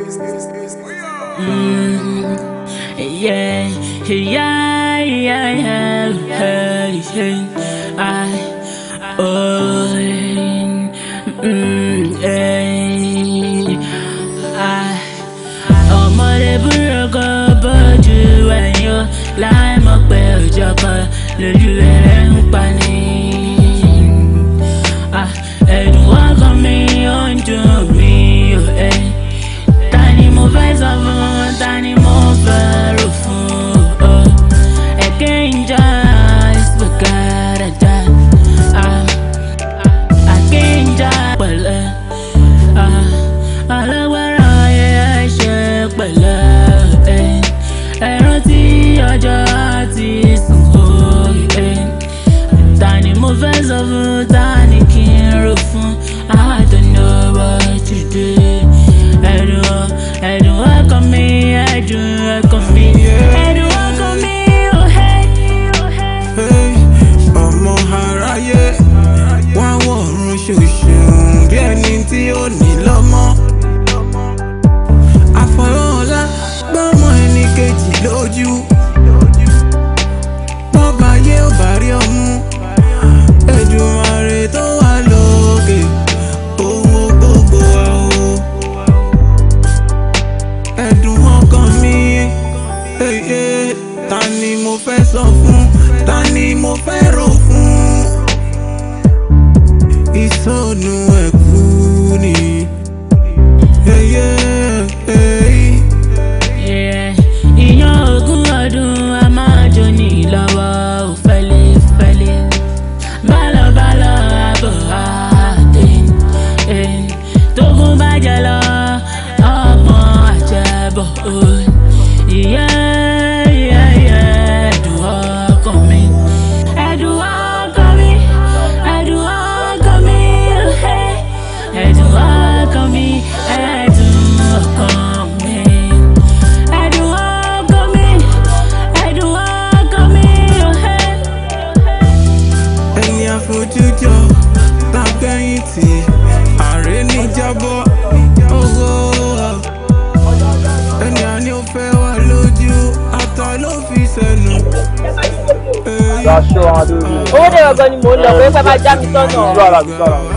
Yeah, mm, yeah, yeah, yeah, yeah, yeah, yeah, I, oh. lójú ara lójú ara.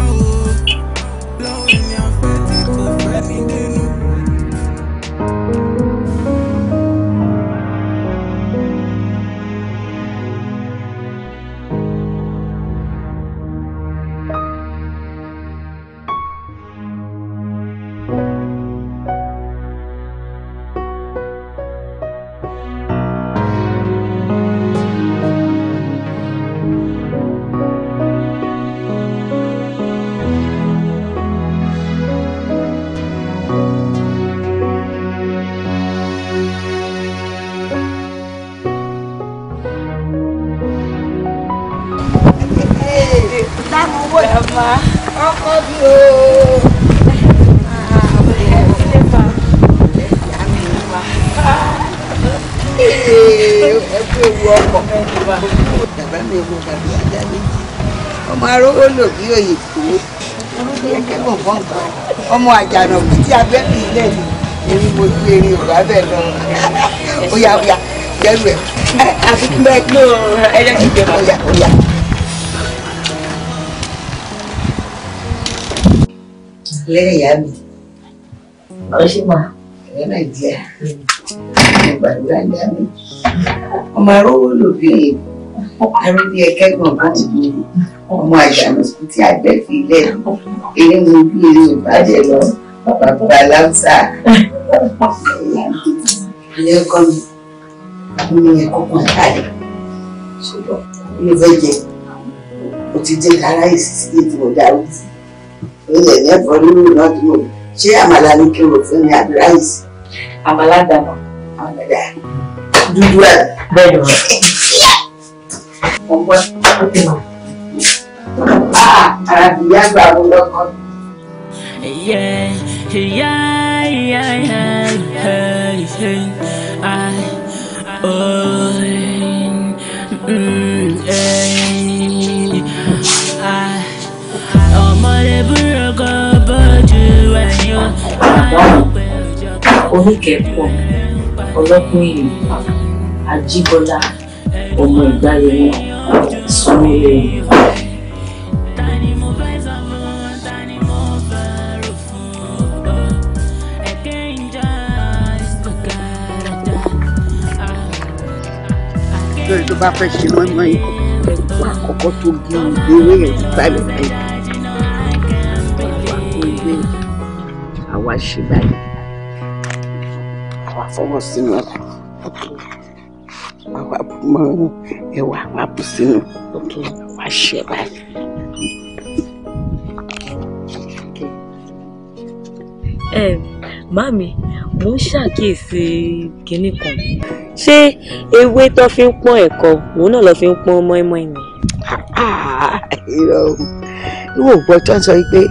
ọmọ àjànà kú tí abẹ́ fi ilẹ̀ ni èmi mo ju erin òrò abẹ́ lọ óyá óyá jẹ́rù ẹ̀. àfikún bẹ́ẹ̀ ló ẹlẹ́sìn jẹ́ óyá óyá. lẹ́yìn ìyá mi ọ̀ṣìmọ̀ ẹ̀rẹ́ nàìjíríà gbàdúrà ní àmì ọmọ arówó lòbí ẹ̀rọ bí ẹ̀kẹ́gbọ̀n bá ti bí i ọmọ àìṣàmùsùn tí àgbẹ̀ fi ilẹ̀ eré mi bí eré ò bàjẹ́ lọ bàbá láwùsà ilé ẹ̀kọ́ mi mi yẹ kọ́kọ́ àtàlẹ ṣùgbọ́n mi fẹ́ jẹ mo ti jẹ ara ìsísí tí mo dá ojú ilẹ̀ lẹ́kọ̀ọ́ nínú náà tí mo ṣé àmàlà ni kí mo fẹ́ ní àdúráìsì. àmàlà dànù. àmàlà dúdú àná. bẹ́ẹ̀ ni wọn. ọgbọ́n ó ti mọ̀ àràbíyá ah, gbà wọ Yeah, yeah, yeah, yeah, hey, hey, I, oh, mm, hey, I, ọmọ rẹ̀ búrọ̀ kan bọ́jú ẹ̀yọ́, àìpẹ́ ìjọba. Oníkẹ̀ẹ́pọ̀, ọlọ́kùnrin yìí, Ajíbọ́lá, ọmọ ìgbáyé wọn, sọ́mọ́lẹ́yìn. tó bá fẹ́ ṣe mọ́mọ́ yìí wà á kọ́kọ́ tó gé ewé yẹn báyìí báyìí wà á kó ewé àwa ṣe báyìí àwa fọwọ́ sínú ọ̀tá àwa bù mọ́ ẹwà àwa bù sínú àwa ṣe báyìí. Um, Màmí, mo ń ṣàkíyèsí kinní kan. Ṣé ewé tó fi ń pọ́n ẹ̀kọ, òun náà ló fi ń pọ́n mọ́ínmọ́ín ni? Irọ́ o, ìwọ gbọ́ tó ń sọ pé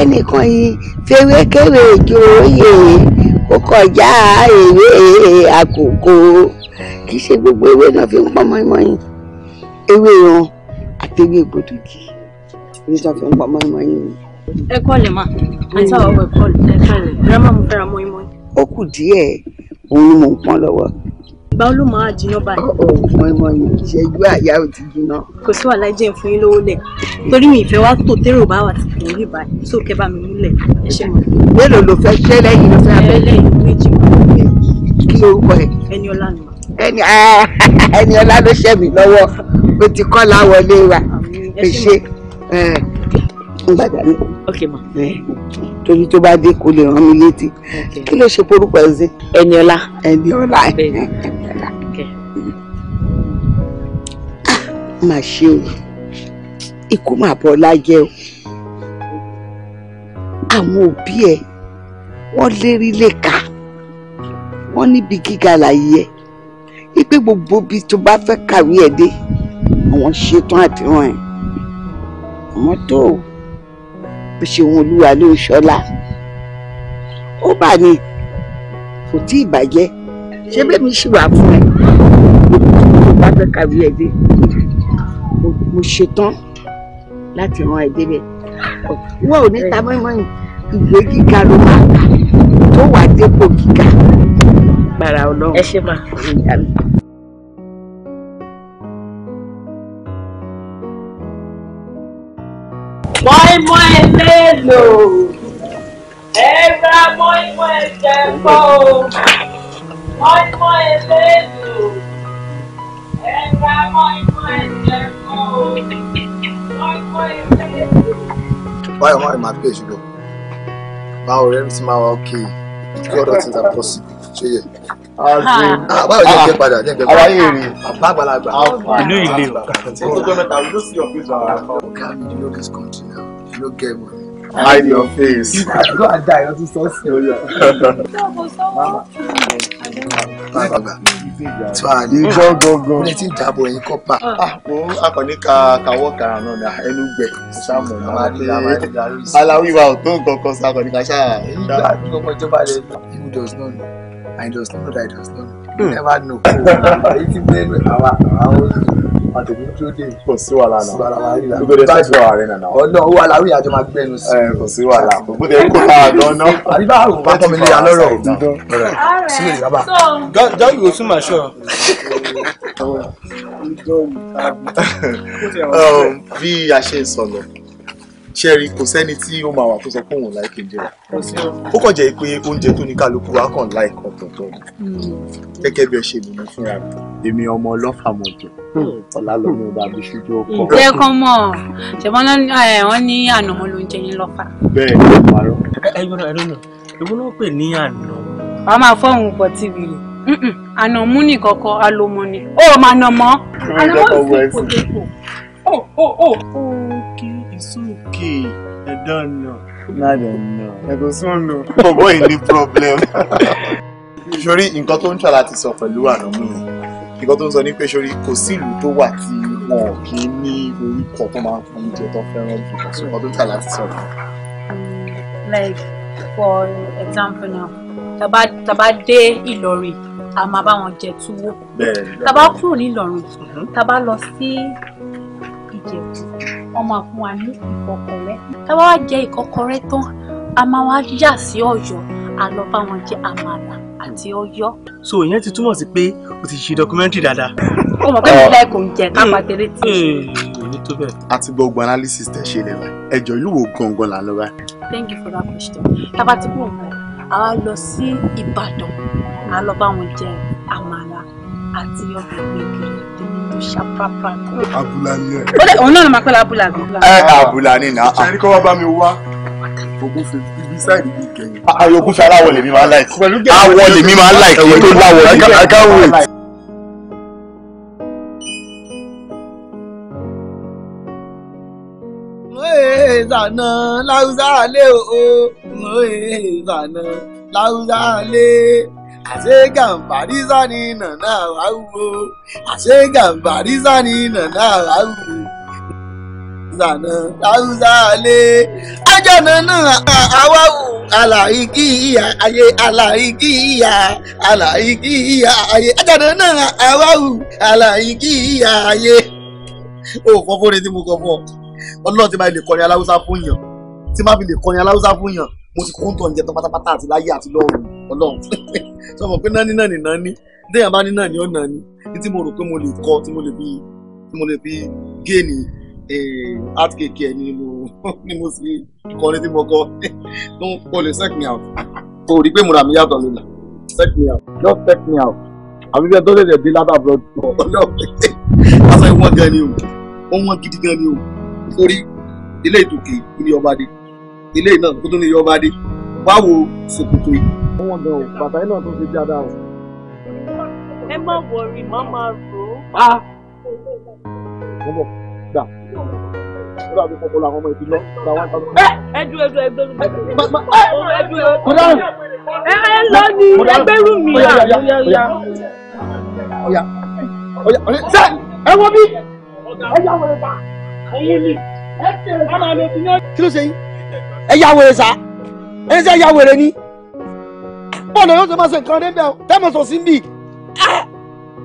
ẹnìkan yìí fẹ́wé kéwé ju oyè ó kọjá ewé àkókò. Kì í ṣe gbogbo ewé náà fi ń pọ́n mọ́ínmọ́ín. Ewé wọn àtẹ̀wé gbòdòdì ní tó fi ń pọ́n mọ́ínmọ́ín. Ẹ kọ́ lè máa àti àwọn ọmọ ẹ̀kọ́ ẹ̀kọ́ grandma mo fẹ́ra mọ́ imọ́. ó kù díẹ̀ òun ni mò ń pọ́n lọ́wọ́. ìgbà ló máa jiná báyìí. ọ̀ mọ ìmọ̀ yìí ìṣẹ́jú àyà ò ti jiná. kò sí wàhálà jẹ́ fún yín lówó lẹ̀ torí mi ìfẹ́ wa tó térò bá wà ti kò rí báyìí tó kẹ́ bá mi múlẹ̀ ẹ ṣe mọ̀. mélòó ló fẹ́ ṣẹ́ lẹ́yìn ló abẹ́ lẹ́yìn méjì kí lorúkọ ẹ. ẹni ọlá ni ẹni ah, ẹni ọlá ló ṣẹ́ mi lọ́wọ́ ó ti kọ́ láwọlé wa. ẹ ṣe nígbà dání. ok ma. torí tó bá dé kó lè rán mi létí kí ló ṣe porúkọ ẹ sí. Ẹniọlá. Ẹniọlá. Ah, má ṣe o ikú máa bọ́ lájẹ́ o àwọn òbí ẹ wọ́n lérí lẹ́ka wọ́n níbi gíga láyé ẹ wípé gbogbo ibi tó bá fẹ́ kàwé ẹ̀ dé àwọn ṣetán àti ràn àwọn tó o ṣeun olúwa ló ṣọlá ó bà ní kò tí ì bàjẹ́ ṣé bẹ́ẹ̀ mi ṣì wà fún ẹ mo bá fẹ́ kàwé ẹ dé mo ṣetán láti rán ẹ débẹ̀ wọ́n ò ní ta mọ́ìmọ́ì ìwé gíga ló máa tó wà dépò gíga gbàrà ọlọ́run ẹ ṣe máa mọ́ìmọ́ ilé lò ẹ bá mọ́ìmọ́ ẹ̀jẹ̀ pọ̀ o mọ́ìmọ́ ilé lò ẹ bá mọ́ìmọ́ ẹ̀jẹ̀ pọ̀ o mọ́ìmọ́ ilé lò. why why my place you go báwo everything ma wa okay God things are possible ṣe yẹ. Ah, ah, báwo jẹ́ kẹ́ ah. padà jẹ́ kẹ́ padà àwáyé rè bàbá àgbàlagbà ìlú ìlé ọ̀gá ọjọ́ mẹ́ta you know this Hide your face. Go and die, You're sọ́ọ̀sì ọ̀yọ́. Tí wàá ní gángan. Bí ti ń dàbọ̀ ẹ̀yin kọ́pà. Akọ̀ní ka kàwọ́ kàrà náà dà ẹnu gbẹ̀. Sáàmù máa dé. Aláwí wa ò tó nǹkan kan sí akọ̀ní ka ṣáà. Èyí gbà kí ọmọ ìjọba lè. Who does not know? I just know that I just know. You mm. never know. Èyí ti bẹ́ẹ̀ lọ àwa àwọn àtẹ̀mí tó now. Kò sí wàhálà náà. Sọ̀rọ̀ àwọn àríwá. Gbogbo ẹ̀ sẹ́jú àwọn àrẹ nàná. Ọ̀nà owó aláwí But they gbẹ́nu sí. Ẹ kò sí wàhálà. Gbogbo ẹ̀ kó náà dáná. Àríwá àwọn bá tọ́ mi lé alọ́rọ̀. Sílẹ̀ bàbá. Jọ́ọ̀gì o sún màá ṣọ́. Bí a ṣe ń sọ̀rọ̀ ṣẹ́ẹ̀rí kò sẹ́ni tí ó máa wà tó sọ pé òun láì kéde rà ó kàn jẹ́ pé oúnjẹ tó ní kálukú wa kàn láì ọ̀tọ̀ọ̀tọ̀ gẹ́gẹ́ bí ẹ ṣe mímú fúnra mi èmi ọmọ ọlọ́fà mọ̀jọ ọ̀làlọ́mọ ọba bíṣújú ọkọ. ǹjẹ́ kan mọ̀ ṣẹ̀bọ́n wọn ní ànàmọ́ ló ń jẹ yín lọ́fà. bẹ́ẹ̀ ni mo parọ́. ẹ̀gbọ́n náà ẹ̀gbọ́n náà ẹ̀gbọ́n náà pè ní ànàmọ́. wàá máa fọ́ọ̀hún pọ̀ tíì ànàmú nìkan kọ alomọ ni ó máa nà mọ́. ànàmọ́ sì kò dé kò. It's okay. I don't know. I don't know. I go soon know. Bọ̀bọ̀ yìí ní problem. Sori nǹkan tó ń ṣe láti sọ pẹ̀lú àná mi nǹkan tó ń sọ ní pé sori kò sí ìlú tó wà tí wọn ò kí ní orúkọ tó máa ń fún oúnjẹ tó fẹ́ràn jù kò sí nǹkan tó ń ṣe láti sọ. Mm, like for example now, taba, taba, dé Ìlọrin, a máa bá wọn jẹ túwó. taba, kúrò ní Ìlọrin, mm-hmm. tàbá lọ sí Ìjẹ̀bú wọ́n máa fún wa ní ìkọkọrẹ́ tá a bá wá jẹ ìkọkọrẹ́ tán a máa wá yà sí ọ̀yọ́ a lọ bá wọn jẹ àmàlà àti ọ̀yọ́. so ìyẹn ti túmọ̀ sí pé o ti ṣe documentary dáadáa. ó mọ̀ pé mi láì kò ń jẹ kápá hmm. tẹ́lẹ̀ tí. Hmm. èyí tó bẹ̀. a ti gbọ́ gbọ́n analysis tẹ̀ ṣe lẹ́nu ẹjọ́ ìlú wo gangan là ń thank you for that question tábà tí kò mọ̀ a wá lọ sí Ìbàdàn a lọ bá wọn jẹ àmàlà àti ọbẹ̀ gbẹ̀gìrì tó ṣàpápá. abúlá wá bá mi wá ogun fi aláwọ̀ ah, lèmi máa ń láìkì. lèmi máa ń tó láwọ̀ lèmi máa ń láìkì. ìlànà láwùjá lé o láwùjá lé àṣé gàǹbàrí sani nànà àwáwò àṣé gàǹbàrí sani nànà àwáwò zànà láwùzá lé ajọ́nà náà àwáwò àlàyé ayé àlàyé ìyá àlàyé ìyá ayé ajọ́nà náà àwáwò àlàyé ìyá ayé. o kọ́ fún mi tí mo kọ́ fún ọ ọlọ́run ti máa lè kọrin aláwùsá fún yàn tí máa fi lè kọrin aláwùsá fún yàn mo ti kó ń tọ̀ ǹjẹ́ tán pátápátá àti láyé àti lọ́run. Ọlọ́run sọ mọ pé nání nání nání déyà bá ní nání ọ nání ní tí mo rò pé mo lè kọ tí mo lè fi tí mo lè fi géènì eh, art keke ni mo ni mo sì kọrin tí mo kọ tó ń kọ lè set me out tó rí pé mo rà mí yàtọ̀ lónà set me out just set me out àbí bí ẹ tó lè dẹ̀ dé lábà blood tọ̀ Ọlọ́run aṣọ ìwọ̀n gan ni o ó wọ́n gidi gan ni o nítorí ilé ìtòkè ilé ọba dé ilé náà ó tún ní ilé ọba dé wá wo ṣòkòtò. wọ́n gan o bàtà yìí náà tún fi jáde àwọn. ẹ má wọrí má máa rò ó. Ah! mo bọ̀ gbà nígbà tó kọ́kọ́ làwọn ọmọ ìdílọ́ gba wá ìtàn. Eh! ẹ dúró eh, ẹ dúró ẹ dúró ẹ dúró ẹ dúró ẹ ẹ lọ ní ẹgbẹ́rú mi à. ọ̀yà ọ̀yà ọ̀yà ṣe ẹ wọ bí ẹ yà wọlé pa òun ni ẹ tẹ̀lé kí ló ṣe yín ẹ yà wọlé sa ẹ ṣe ya wèrè ni bọ́ọ̀lù yóò ṣe máa ṣe nǹkan débẹ̀ tẹ́mọ̀ sọ sí bíi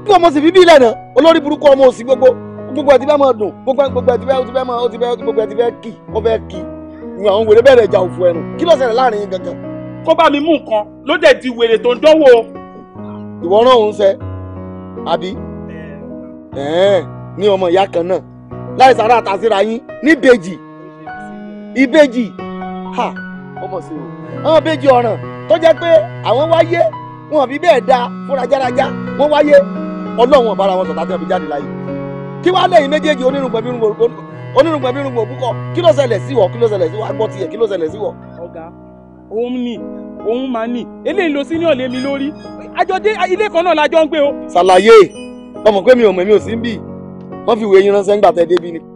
bí ọmọ sì fi bí ìlànà olórí burúkú ọmọ òsì gbogbo gbogbo ẹtì bẹ́ẹ̀ máa dùn gbogbo gbogbo ẹtì bẹ́ẹ̀ ó ti bẹ́ẹ̀ máa ó ti bẹ́ẹ̀ ó ti gbogbo ẹtì bẹ́ẹ̀ kì ó bẹ́ẹ̀ kì ní àwọn wèrè bẹ̀rẹ̀ ìjà òfu ẹnu kí ló ṣẹlẹ̀ láàrin yín gangan. kó bá mi mú nǹkan ló dẹ̀ di wèrè tó ń dánwò. ìwọ náà ń ṣe àbí ní ọmọ ìyá kan náà láì sára àtàsíra yín níbejì ìbejì ha ó mọ̀ sí o àwọn bèjì ọ̀ràn tó jẹ́ pé àwọn wáyé wọn bí bẹ́ẹ̀ da fúnra járaja wọn wáyé ọlọ́run ọ̀bára wọn sọ̀tà tí wọn fi jáde láyé kí wàá lẹ́yìn méjèèjì onírùngbẹ̀bírùngbò búkọ kí ló ṣẹlẹ̀ sí wọ kí ló ṣẹlẹ̀ sí wọ agbọ́ tiẹ̀ kí ló ṣẹlẹ̀ sí wọ. ọ̀gá òun ni òun máa ní eléyìí ló sí ọ̀lẹ́ mi lórí àjọdé ilé kan náà la jọ ń gbé o. ṣàlàyé ọmọ pé mi ò mọ̀ mi ò sí ń bì wọ́n fi ìwé yín ránṣẹ́ ń tẹ́ débi ni.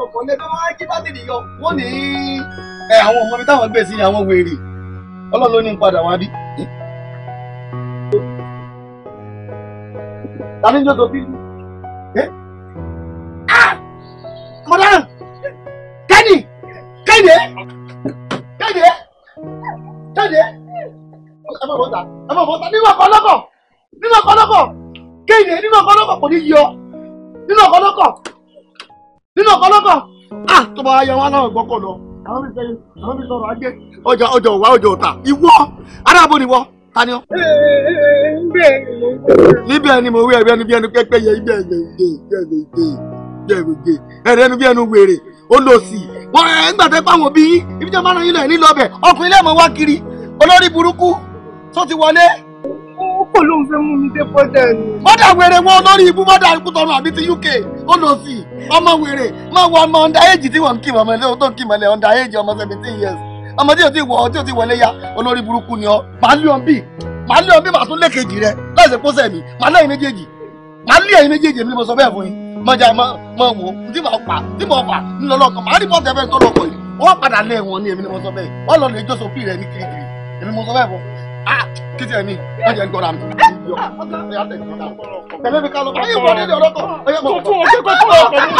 àjọ àwọn ọmọ mi táwọn gbé sí àwọn wèrè ọlọ́run ló ní padà wá bí. tani ń jọ́dọ̀ bí. kẹ́ni kẹ́ni kẹ́ni kẹ́ni ẹ bọ́ta nínú ọkọ̀ ọlọ́kọ̀ nínú ọkọ̀ ọlọ́kọ̀ kẹ́ni nínú ọkọ̀ ọlọ́kọ̀ kò ní yọ nínú ọkọ̀ ọlọ́kọ̀ nínú ọ̀pọ̀lọpọ̀ ah tó bá yẹ wọn aláwọ̀ gbọ́kọ̀ lọ àwọn bí sẹ́yìn àwọn bí sọ̀rọ̀ ajé ọjà ọjà òwá ọjà ọ̀tà ìwọ aráàbò ni wọ ta ni ọ. níbẹ̀ ni mo wí ẹ̀rẹ́ ẹni bí ẹnu pẹ́pẹ́ yẹ ibẹ̀ ẹ̀jẹ̀ ìdè ìdè ìdè ìdè ìdè ẹ̀rẹ́ ẹni bí ẹnu wèrè ó lọ sí i wọn ẹgbà tẹ pé àwọn òbí yín ibi tí wọn bá rán yín lọ ẹ nílò ọbẹ ọkùnrin lẹ́ẹ̀mọ wá kiri olórí burúkú tó ti wọlé pọ̀ ló ń fẹ́ mú mi dé bọ́dà ni. bọ́dà wèrè wọn olórí ibú bọ́dà ìkútọ́nù àbí ti UK ó lọ sí i ọmọ wèrè máa wọ ọmọ under age tí wọ́n ń kí ọmọ ilé ń kí ìmọ̀lẹ̀ under age ọmọ seventeen years ọmọ tí o ti wọ ọ tí o ti wọlé ya olórí burúkú ni ọ màá lé ọm bí màá lé ọm bí màá tún lé kejì rẹ láìsí pósẹ̀ mi màá lẹ́yìn méjèèjì màá lé ẹ̀yìn méjèèjì mi ni mo sọ bẹ́ẹ̀ fún yín mọ̀jà mọ̀ mọ̀ wò tí mo pa tí mo pa ńlọlọ́kọ̀ màá rí bọ́ọ̀tù ẹ̀fẹ́ tó lọ́kọ̀ yìí wọ́n padà lé wọn ní èmi ni mo sọ bẹ́ẹ̀ wọ́n lọ lè jó sopí rẹ ní kirikiri èmi mo sọ bẹ́ẹ̀ fún kí ti ẹ̀ ní wọ́n jẹ́ ń gbọ́ra mi. tẹ̀lé mi ká lọ bá yín wọlé ní ọ̀rọ̀ kan. tuntun o ṣe kó tó ọkọ̀ mi.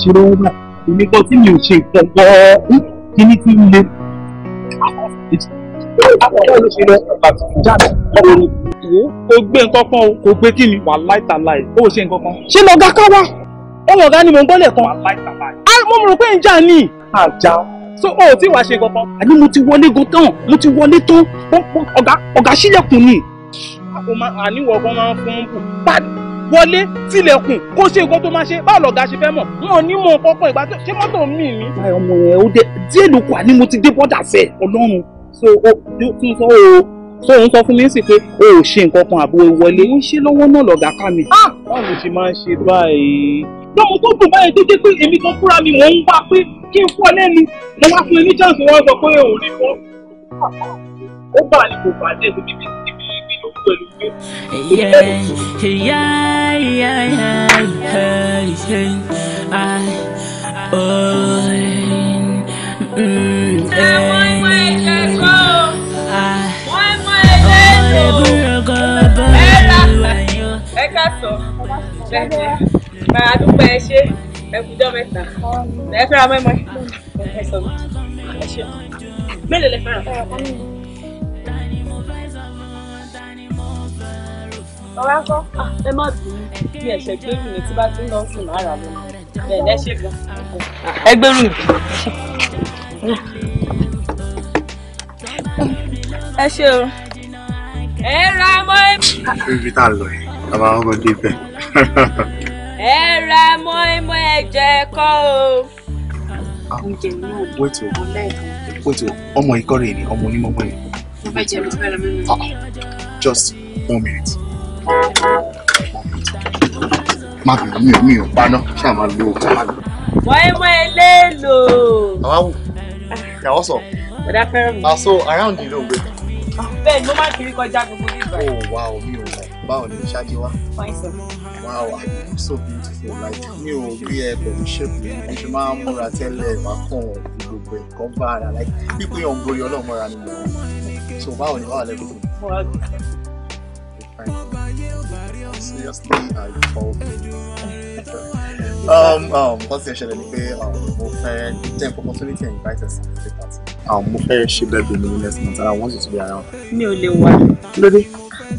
ṣòro wà èmi kan tí mi ò ṣe ìtọ́gbọ́ kíní tí ń le. Kò gbé nǹkan kan o, kò gbé kí ni? Wà láìta láì, ó ṣe nǹkan kan. Ṣé lọ́gá ká wá? Ó lọ́gá ni mò ń gbọ́lẹ̀ kan. Wà láìta láì. Mo rò pé ń jà ni àjà so o ò tí wàá ṣe kankan. àní mo ti wọlé gan tán mo ti wọlé tán ọ̀gá ọ̀gá sílẹ̀kùn ni. àníwọ̀ ọgbọ́n máa ń fún bù bá wọlé tilẹ̀kùn kó ṣe nǹkan tó máa ṣe báwo lọ̀gá ṣe fẹ́ mọ̀ wọn ò ní mọ kọ́kọ́ ìgbà tó ṣe mọ́tò mi ni. báyọ̀ ọmọ yẹn ó dé díẹ̀ ló kù àní mo ti dé bọ́dà sẹ́ẹ̀ ọlọ́run so ó tún sọ ó so òun sọ fún mi sí pé o ò ṣe nǹkan kan àbò wọlé ń ṣe lọ́wọ́ náà lọ̀gá ká mi. Ah! báwo ló ṣe máa ń ṣe báyìí lọ́mọ tó dùn báyìí títí pé èmi kan fúnra mi mò ń wá pé kí n fún lẹ́nu mo wá fún ẹ chance wọn sọ pé òun ni mo ó bà ní kò bàjẹ́ tó bíbí síbi pẹ̀lú bá a dúpẹ́ ẹ ṣe ẹkùjọ́ mẹ́ta ẹ fẹ́ra mẹ́mọ́ ẹ sọ ẹ ṣe mélòó lẹ fẹ́ra. ọ̀rá kọ́ ẹ má bínú bí ẹ̀ṣẹ̀ gbé mi ní tí bá ti ń lọ sùn máa rà lónìí bẹ́ẹ̀ lẹ́ṣẹ̀ gan. ẹ gbẹ́rù mi. ẹ ṣe o. ẹ ra mọ́ ẹ. ibi tá a lọ yìí a máa ń kọ́ débẹ̀. ẹ ra mọ́ẹ́mọ́ ẹ̀jẹ̀ kọ́ o. wait o wait o ọmọ ìkọ́rẹ́ ni ọmọ onímọ̀mọ́ yẹn. mo fẹ́ jẹ mo lọ mímu. Ah, ah. just one minute. má bẹ̀rù mi ò mi ò paná ṣáà máa lo ọkọ̀ máa lò. mọ́ẹ́mọ́ eléèlò. àwa wò ah. ìyàwó sọ. ọ̀dà fẹ́ràn mi. àṣọ around yìí ló ń bẹ́ẹ̀ ni mo máa kiri kọjá gbogbo nígbà. ó wà ó ò báwo ni ṣáájú wa. fine sir. Wow, I'm so beautiful. Like mi ò rí ẹ pẹ̀lú ṣépù mo ṣe máa ń múra tẹ́lẹ̀ máa kàn ọ́ gbogbo ẹ̀kọ́ bá ara like pípé ọ̀n borí ọlọ́run mọ́ra ni mo so báwo ni wàá lẹ́nu. um, what's your schedule? Pé um, mo fẹ́ take opportunity and invite us to the party. Um, mo fẹ́ ṣe bẹ́ẹ̀ bí mi next I want you to be around. Mi ò lè wá. Kí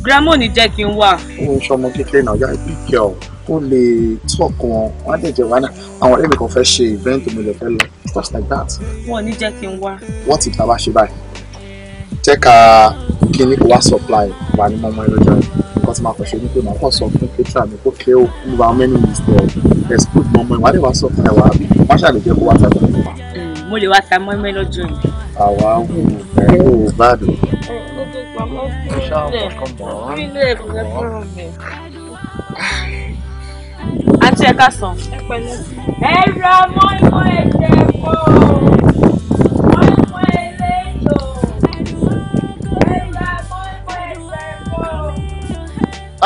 grandma ní jẹ́ kí n wà. ó ń ṣọmọ kékeré náà yá ìbí kí ọ ó lè talk wọn wọn á dẹ̀ jẹ́ wàhálà àwọn ọ̀rẹ́ mi kan fẹ́ ṣe event mi lè fẹ́ lọ stuff like that. wọn ò ní jẹ́ kí n wá. wọ́n ti ta bá ṣe báyìí jẹ́ ká kí ni kò wá supply wà ní mọ́mọ́ ẹlọ́jọ́ yìí nǹkan tí màá kàn ṣe ni pé màá kàn sọ fún petra mi kó kí ó ń ba many minutes there let's put mọ́mọ́ ìwádìí wá supply wà á bí wọ́n ṣàlèjẹ́ kó wá sábà nípa. Mm, mo lè wá ta mọ́mọ́ ẹlọ́jọ́ yìí. àwa wò ó bá dùn àti ẹ̀ka sàn. ẹ ra mọ́ìmọ́ ẹ̀jẹ̀ pọ̀ mọ́ìmọ́ eléyò ẹ ra mọ́ìmọ́ ẹ̀jẹ̀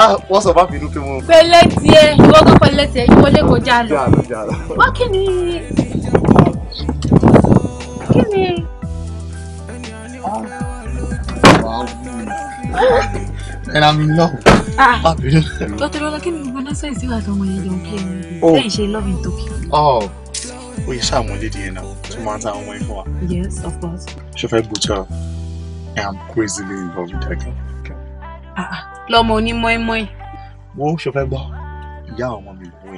ah wọ́n sọ bá fi dúpẹ́ mọ́. pẹ̀lẹ́ tiẹ̀ ìwọ tó pẹ̀lẹ́ tiẹ̀ ìwọ lè kọjá lọ. wọ́n kí ni kí ni and I'm in love. Ah. Dr. Lola, kí ni gbogbo náà sẹ́yìn sílẹ̀ àtọmọ yẹn jọ ń Oh. é? Bẹ́ẹ̀ ṣe love in Tokyo. Oh, ó yẹ sáà mọ̀ lédi yẹn náà tó máa ń ta àwọn Yes, of course. Ṣé fẹ́ butcher. I'm am crazily involved with that girl. Lọ́mọ onímọ̀ money. ẹ̀. Wo ṣe fẹ́ gbọ́? Ìyá ọmọ mi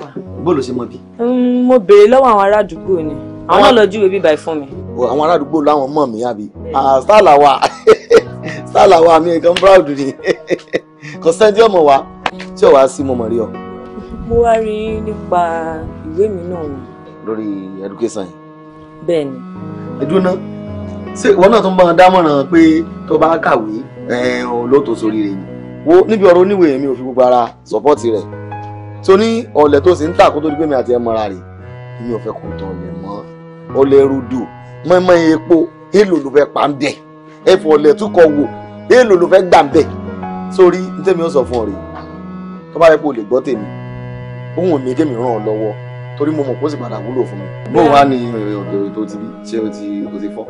wà. bó ló ṣe mọ bí. mo béèrè lọ́wọ́ àwọn ará àdúgbò ni àwọn náà lọ júwe bíbá ẹ̀ fún mi. àwọn ará àdúgbò láwọn mọ̀ mí àbí sálà wa sálà wa mi nǹkan proud ni kò sẹ́ńtì ọmọ wa tí ò wá sí mo mọ̀ rí ọ. mo wá rí nípa ìwé mi náà ni. lórí education yìí. bẹ́ẹ̀ ni. ẹdun náà ṣé ìwọ náà tún bá wọn dámọ̀ràn pé tó bá kàwé olóòtú sórí rẹ̀ yìí wo níbi ọ̀rọ̀ oníwèé mi ò fi gbogbo ara sọ́pọ́ọ̀tì rẹ̀ so ní ọ̀lẹ̀ tó sì ń tà kó tó di pé mi àti ẹ mọ́ra rè mi ò fẹ́ kó tọ̀ ọ̀lẹ̀ mọ́ ọ̀lẹ̀ rúdù mọ́mọ́ epo èèlò ló fẹ́ pa ń bẹ̀ ẹ̀fọ́ ọ̀lẹ̀ tún kọ wò èèlò ló fẹ́ gbà ń bẹ̀ sórí ní tèmi ó sọ fún ọ rè tó bá yẹ kó lè gbọ́ tèmi òun mi kémi ràn ọ lọ́wọ́ torí mo mọ̀ kó sì padà wúlò fún mi. bó wàá ní ọ̀dọ̀ ètò ti bí ṣé o ti o ti fọ́.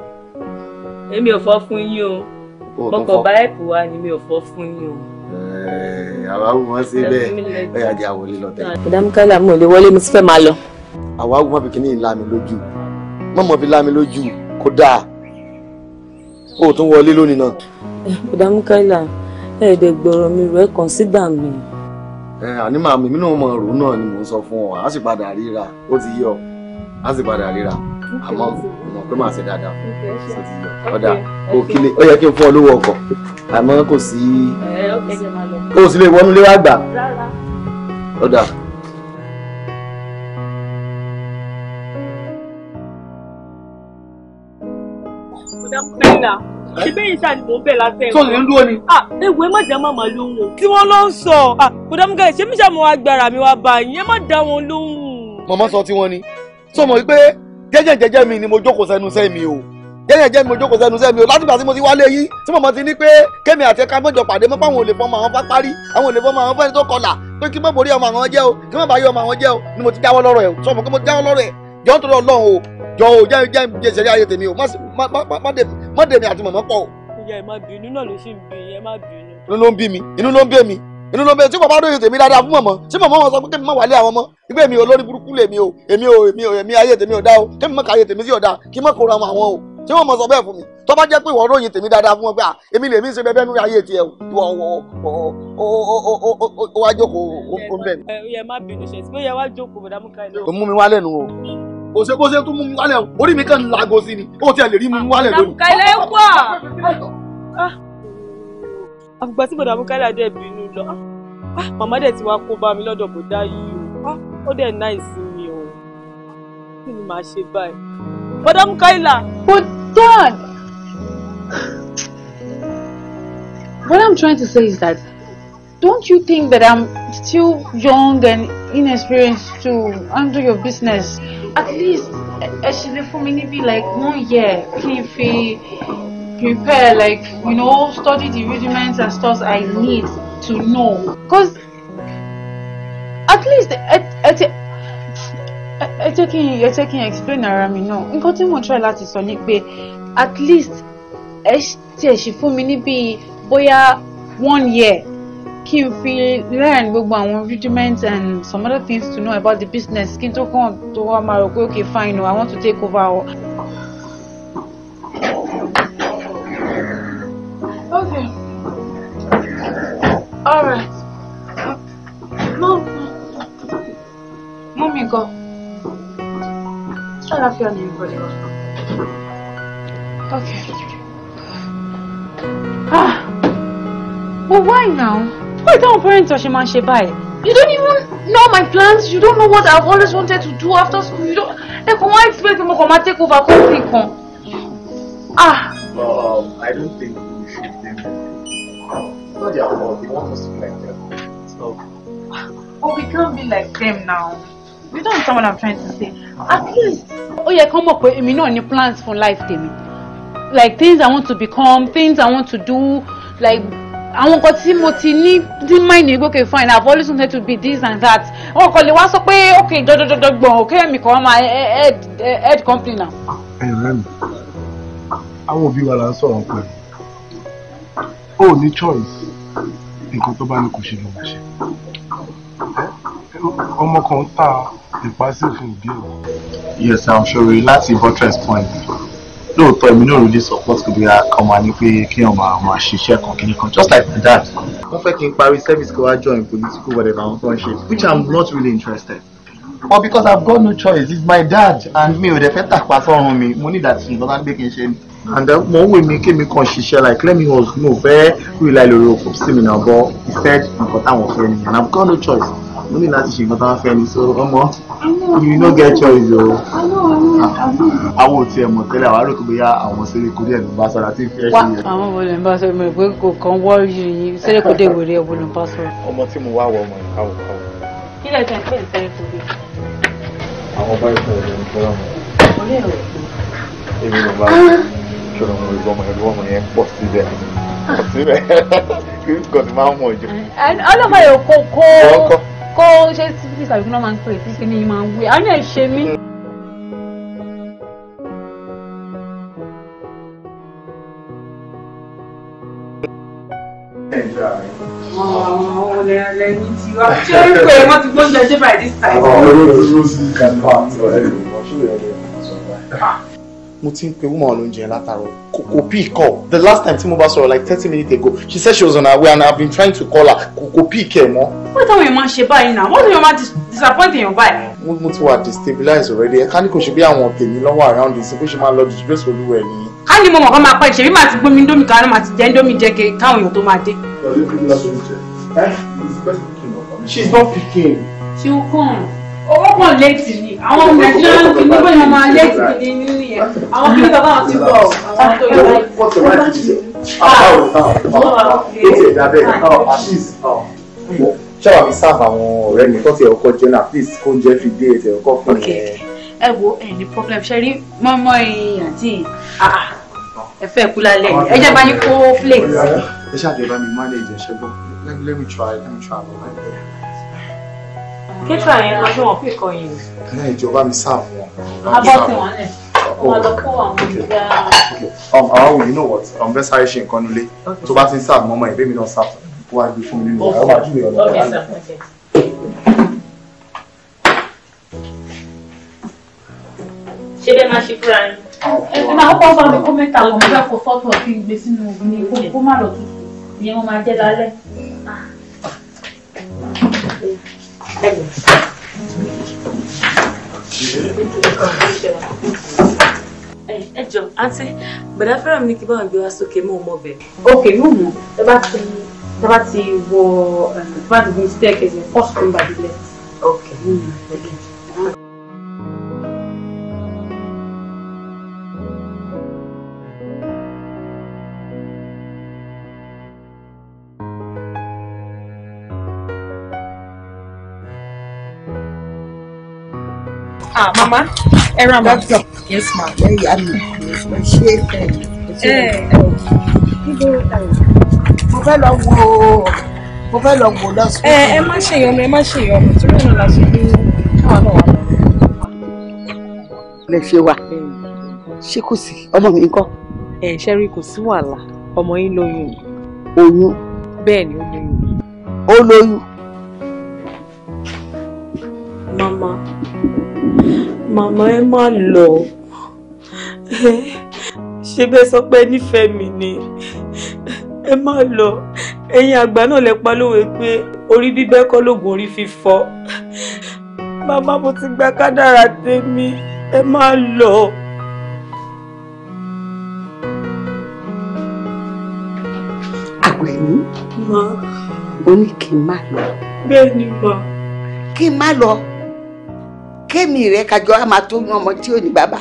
èmi ò fọ́ fún yín o mọ̀kàn báyìí wá ni mi ò fọ́ fún yín o. Eh, àwa wù wọ́n sí bẹ́ẹ̀ ó yà jẹ́ àwọlé lọ tẹ̀lé. ìdámúkálà mo lè wọlé mo ti fẹ́ máa lọ. àwa wù wọ́n fi kíní ìlà lójú mọ̀mọ́ fi lá lójú kó dáa ó tún wọlé lónìí náà. ìdámúkálà eh, ẹ̀ẹ́dẹ̀ gbọ́rọ̀ mi rẹ̀ kàn sígbà mi. ẹ eh, àní màmí mi náà mọ̀ ọ̀rọ̀ náà ni mò ń sọ fún ọ a sì padà ríra ó ti yọ a sì padà ríra àmọ́ mọ̀ pé màá ṣe dáadáa ọ̀dà kò kílé ó yẹ kí n fún ọ lówó ọkọ̀ àmọ́ kò sí eh, kò sí lè wọnú lé wá gbà ọ̀dà. Eh? ṣe bẹ́ẹ̀ ṣáà ni mò ń bẹ̀ látẹ̀. sọ ni ń dúró ni. ah ewu ẹ má dá màmá lóhùn o. tí wọ́n lọ ń sọ ah, kò dá mú kẹ́lẹ́ ṣé mi ṣàmùwà gbàrà mi wá bá yín ẹ má dá wọn lóhùn. màmá sọ tí wọ́n ni sọ mọ̀ wípé jẹ́jẹ̀jẹ́jẹ́ mi ni mo jókòó sẹ́nu sẹ́ mi o jẹ́jẹ̀jẹ́ mi mo jókòó sẹ́nu sẹ́ mi o látìgbà tí mo ti wálé yín tí mo mọ̀ ti ní pé kémi àti ẹ̀ka mọ́jọ pàdé mọ́ fáwọn olè fọmọ àwọn pápárí àwọn olè fọmọ àwọn fẹ́ni tó kọlà pé kí mọ́ borí ọmọ àwọn jẹ́ o kí mọ́ bá yọ ọmọ àwọn jẹ́ o ni mo ti dáwọ́ lọ́rọ̀ ẹ̀ sọ mọ́ pé mo ti dáwọ́ lọ́rọ̀ ẹ̀ jọ́ nítorí ọlọ́run o jọ o jẹ́ jẹ́ jẹ́ ayé tèmi o má dèmi àti mọ̀mọ́ pọ̀ o inú ló ń bẹ tí bàbá ròyìn tèmi dáadáa fún mọ̀mọ́ tí mọ̀mọ́ wọn sọ pé kẹ́mi má wálé àwọn ọmọ ìgbé èmi olórí burúkú lèmi o èmi o èmi o èmi ayé tèmi ò dá o kẹ́mi má kàyé tèmi sí ọ̀dà kí má kóra àwọn o tí wọ́n mọ̀ sọ bẹ́ẹ̀ fún mi tó bá jẹ́ pé ìwọ ròyìn tèmi dáadáa fún wọn pé à èmi lèmi ṣe bẹ́ẹ̀ nú ayé tiẹ̀ o o o o o o o o o ẹ má bínú ṣe tí ó yẹ wá jókòó bọ̀dá mú ká ẹ lọ. o mú mi wálẹ̀ nù o òṣèkóṣe tún mú mi wálẹ̀ orí mi kàn ń lago sí ni ó tiẹ̀ lè rí mú mi wálẹ̀ lónìí. àbùkà ilé wà àfìgbà tí bọ̀dà Bùkáyọ̀ dẹ̀ bínú lọ ah, ah, màmá dẹ̀ ti wá kó bá mi lọ́dọ̀ bọ̀dá yìí o ah, ó dẹ̀ ná ìsinmi o kí ni màá ṣe báyìí bọ̀dá Bùkáyọ̀. but dad what i'm trying to say is that don't you think that i'm still young and inexperienced to handle your business at least ẹ ṣe lè fún mi níbi like one year kí n fi prepare, like, you know, study the rudiments and stuff I need to know. Because at least ẹ jẹ́ kí ẹ jẹ́ kí n explain ara mi náà nǹkan tí mo try that, sọ ni pé at least ẹ tiẹ̀ ṣì fún mi ní bíi one year can n learn about àwọn rudiments and some other things to know about the business Can n tó to tó wá okay fine o I want to take over Okay. All right. Mom. Mommy go. I love your name, brother. Okay. Ah. But why now? Why don't parents or she man she buy? You don't even know my plans. You don't know what I've always wanted to do after school. You don't. Like, why expect me to come and take over? Come, Ah. Um, I don't think their fault. They want us to be like them. So. But oh, we can't be like them now. You don't understand what I'm trying to say. At ah. least, ó come up with me. èmi náà ní plans for life Demi? Like things I want to become, things I want to do, like I want to see Motini. ní dín mind ní gbókè fine I've always wanted to be this and that. Wọ́n kàn okay. Okay, sọ pé okay dọ́dọ́dọ́dọ́ gbọ̀n òkè ẹ̀mí kan máa head head company now. Ẹ rẹ̀ I àwọn òbí wa là ń sọ̀rọ̀ pẹ̀lú. choice nǹkan tó bá ní kò ṣe ló ṣe ọmọ kan ta ìpàṣẹ fún ìdí ẹ̀. yes i'm sure láti buttress point lóòótọ́ èmi náà really support kò bíra kan máa ní pé kí ọmọ àwọn àṣìṣe kan kìíní kan just like my dad. wọ́n fẹ́ kí n parí service kí wọ́n á join political whatever àwọn tó ń ṣe which i'm not really interested or because I've got no choice he's my dad and me. ò dẹ̀ fẹ́ tàpá sọ́run mi mo ní ìdàtí nǹkan bá gbé ṣe ni. and uh, mo ń wé mi kémi kan ṣiṣẹ́ like let me hustle mo fẹ́ rely lórí okùn sí mi náà but he said nǹkan táwọn fẹ́ ni and I've got no choice mo ní láti ṣe nǹkan táwọn fẹ́ ni so ọmọ you no get choice o. àwọn ò tiẹ̀ mọ̀ tẹ́lẹ̀ àwọn arókè bóyá àwọn sẹ́lẹ̀kọ́ díẹ̀ ló ń bá sọ̀rọ̀ àti ìfẹ́ ṣe yẹn. àwọn wo ló ń bá sọ̀rọ̀ mi pé kò kàn wọ́ọ̀rì yìí sẹ́lẹ̀kọ́ dé ìwé rẹ̀ wo ló ń bá sọ̀rọ̀. ọmọ tí mo wá wọ ọmọ ìkáwọ́ káwọ́. kí lè tẹ̀ pé ìtẹ́ ìtòrí àwọn ọba ìfẹ́ rẹ̀ ń fẹ́ràn mi. èmi ló bá ah. ṣọlọ mo rí bọ́mọ ẹ̀rọ ọmọ yẹn pọ̀ síbẹ̀ síbẹ̀ kò sì máa ń mọ̀ jù. ọlọ́mọ yóò kó kó kó ṣe síbi sàbíkú náà máa ń pè é síbi ní máa ń wé Oh, they're like, you are just going to go to by this time. Oh, mo ti ń pe woman olóúnjẹ látàárọ̀ kò pick call the last time tí mo bá sọ̀rọ̀ like thirty minutes ago she said she was on her way and i have been trying to call her kò pick ẹ̀ mọ́. wọ́n táwọn èèyàn máa ṣe báyìí náà wọ́n táwọn èèyàn máa disappoint èèyàn báyìí. mo ti wà destabilized already ẹ̀ka ní kò ṣe bí àwọn tèmi lọ́wọ́ around the city bó ṣe máa lọ disgrace olúwẹ̀ nìyí á ní mo mọ̀ kán máa pa ìṣèlú màá ti gbómi ndómi kan náà màá ti jẹ́ ndómi jẹ́ kiri káwọn èèyàn tó máa dé. she's not picking. she will come. owó kàn léètì ni àwọn nàìjíríà ti ní bóyá máa léètì gidi nínú yẹn àwọn kí bàbá wọn ti bọ̀ àwọn tó yẹ wọ́n. ṣáà mi sáàbù àwọn ọ̀rẹ́ mi tó ti ọkọ̀ jẹ́ náà please kó jẹ́ fi dé ètò ẹ̀kọ́ fún mi ẹ wo ẹ ní problem ṣe rí mọ́mọ́ ẹ̀yìn àti ah, fẹ́ kú lálẹ́ ẹ jẹ́ bá yín kó flakes. ẹ ṣáà jẹ́ bá mi manage ẹ ṣe gbọ́ let me try let me try my best. kétra yẹn kan fi kọ yìí. ẹ ìjọba mi sáà wọn. abọ́ tí oh, wọ́n lẹ̀ àwọn ìgbà. Um, àwọn náà wọ̀ ọ̀n bẹ́ẹ̀ sáré ṣe nǹkan nulẹ̀ tó bá ti ń sáà mọ́mọ́ ìbémi náà sáà fún wa gbé fún mi nínú ìyàwó àdúgbò ọ̀la. ṣé bẹ́ẹ̀ máa ṣe fúnra yín. ẹ máa kọ́kọ́ bá mi kó mẹ́ta wọn mo fẹ́ fọ́tò kí n gbé sínú ní kó kó má lọ tutù ìyẹn mo máa jẹ lálẹ́. ẹ jọ àǹtí gbọdọ fẹ́ràn mi ní kí bá wọn gbé wá sókè mọ ọmọ bẹ́ẹ̀. òkè yóò mú ẹ ti ẹ ti wọ ẹ bá ti gbin staircase ẹ first room by the left. okay. Mm. okay. ah mama ẹ ra ma yes ma. ẹ yà mí ẹ ṣe ẹ eh. níbo mo fẹ́ lọ wo mo fẹ́ lọ wo lọ́sùn. ẹ eh, ẹ má ṣe ìyọnu ẹ má ṣe ìyọnu torí ìrìn àṣẹ bí káwọn náà wà lọ. lè ṣe wa ṣé kò sí ọmọ mi ńkọ́. ẹ eh, ṣe rí kò sí wàhálà ọmọ yín lóyún. oyún. bẹ́ẹ̀ ni lóyún. ó lóyún. màmá ẹ má lọ ṣe bẹ́ẹ̀ sọ pé nífẹ̀ẹ́ mi ni ẹ má lọ ẹ̀yin àgbà náà lẹ pa lówe pé orí bíbẹ́ kọ́ lóògùn orí fífọ́ màmá mo ti gba kádàrá tèmi ẹ má lọ. Àgbẹ̀ní. Ma. O ní kí n má lọ. Bẹ́ẹ̀ ni Kí n má lọ kémi rẹ kájọ á máa tó oyún ọmọ tí ò ní bàbá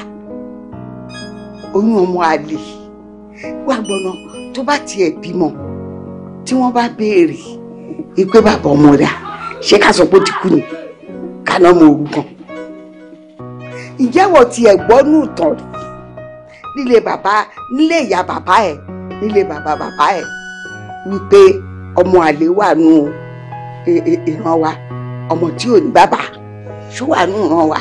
oyún ọmọ àlè wà gbọ́nà tó bá tiẹ̀ bímọ tí wọ́n bá béèrè ìpè bàbá ọmọ rà ṣé ká sọ pé ó ti kú ni kaná mọ orúkàn ìjẹ́wọ̀ tiẹ̀ gbọ́nú ìtàn rẹ̀ nílé bàbá nílé ìyá bàbá ẹ̀ nílé bàbá bàbá ẹ̀ wípé ọmọ àlè wà nù ìran wa ọmọ tí ò ní bàbá ṣúwà nù ràn wá.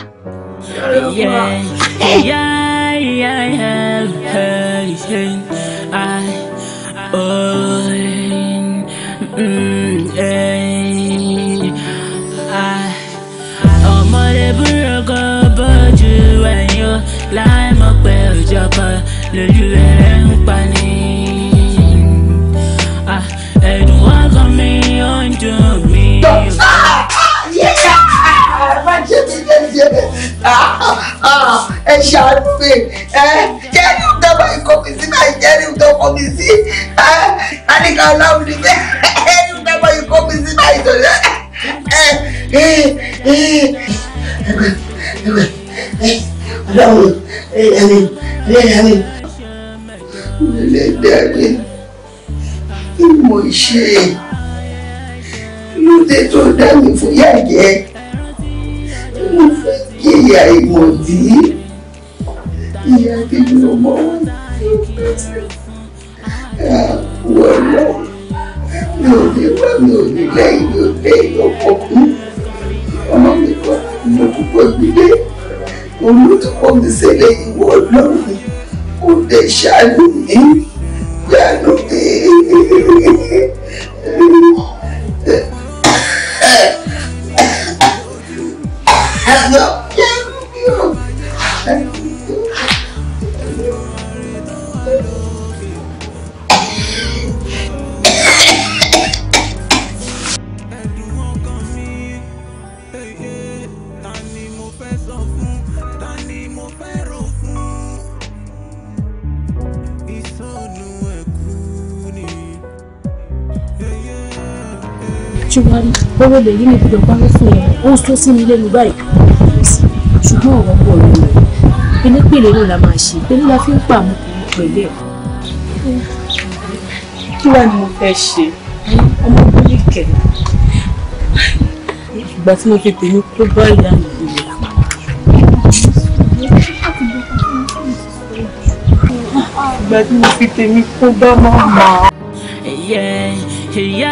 ọmọdé búrọ̀kọ bọ́jú ẹ̀yọ́ láì mọ̀ pé ìjọba lójú ẹ̀rẹ̀ ń pa ni. Ah, ẹ ṣàánú mi ẹ kẹ́ni ń dọ́gba ìkọ́mi sí náà ìjẹ́rìí ń dọ́gba mi sí ẹ àníkà ọlọ́run ni bẹ́ẹ̀ ẹ ń dọ́gba ìkọ́mi sí náà ìjọba ẹ ẹ ẹ ọlọ́run ẹ ẹ ẹ ẹ ẹlẹ́dẹ̀ mi kí mo ṣe lóde tó dá mi fún yàjẹ́ mo fẹ́ ìyá ìmọ̀dí ìyá kejì ló mọ wọn wọ́n lọ mi ò ní wá mi ò ní lẹ́yìn mi ò lẹ́yìn ọkọ̀ọ̀kún ọmọ mi kọ́ mo púpọ̀ gbílé olùdókòó mi ṣẹlẹ̀ ìwọ ọlọ́run kò lè ṣàánú mi ṣàánú mi. Yeah. ṣé wàá rí bọ́wọ́ lè yí mi gbọdọ̀ parọ́ fún ẹ ó ń tó sí mi lẹ́nu báyìí ṣùgbọ́n ọ̀rọ̀ pọ̀ lónìí pélépèlé ló la máa ṣe pélé la fi ń pa àmú pẹ̀lú ẹ̀. kí wàá ni mo fẹ́ ṣe ọmọ ìbílẹ̀ kẹ̀lẹ́ ìgbà tí mo fi tèmi kó bá ìyá mi lè rà. ìgbà tí mo fi tèmi kó bá máa mọ̀ ọ́ hey,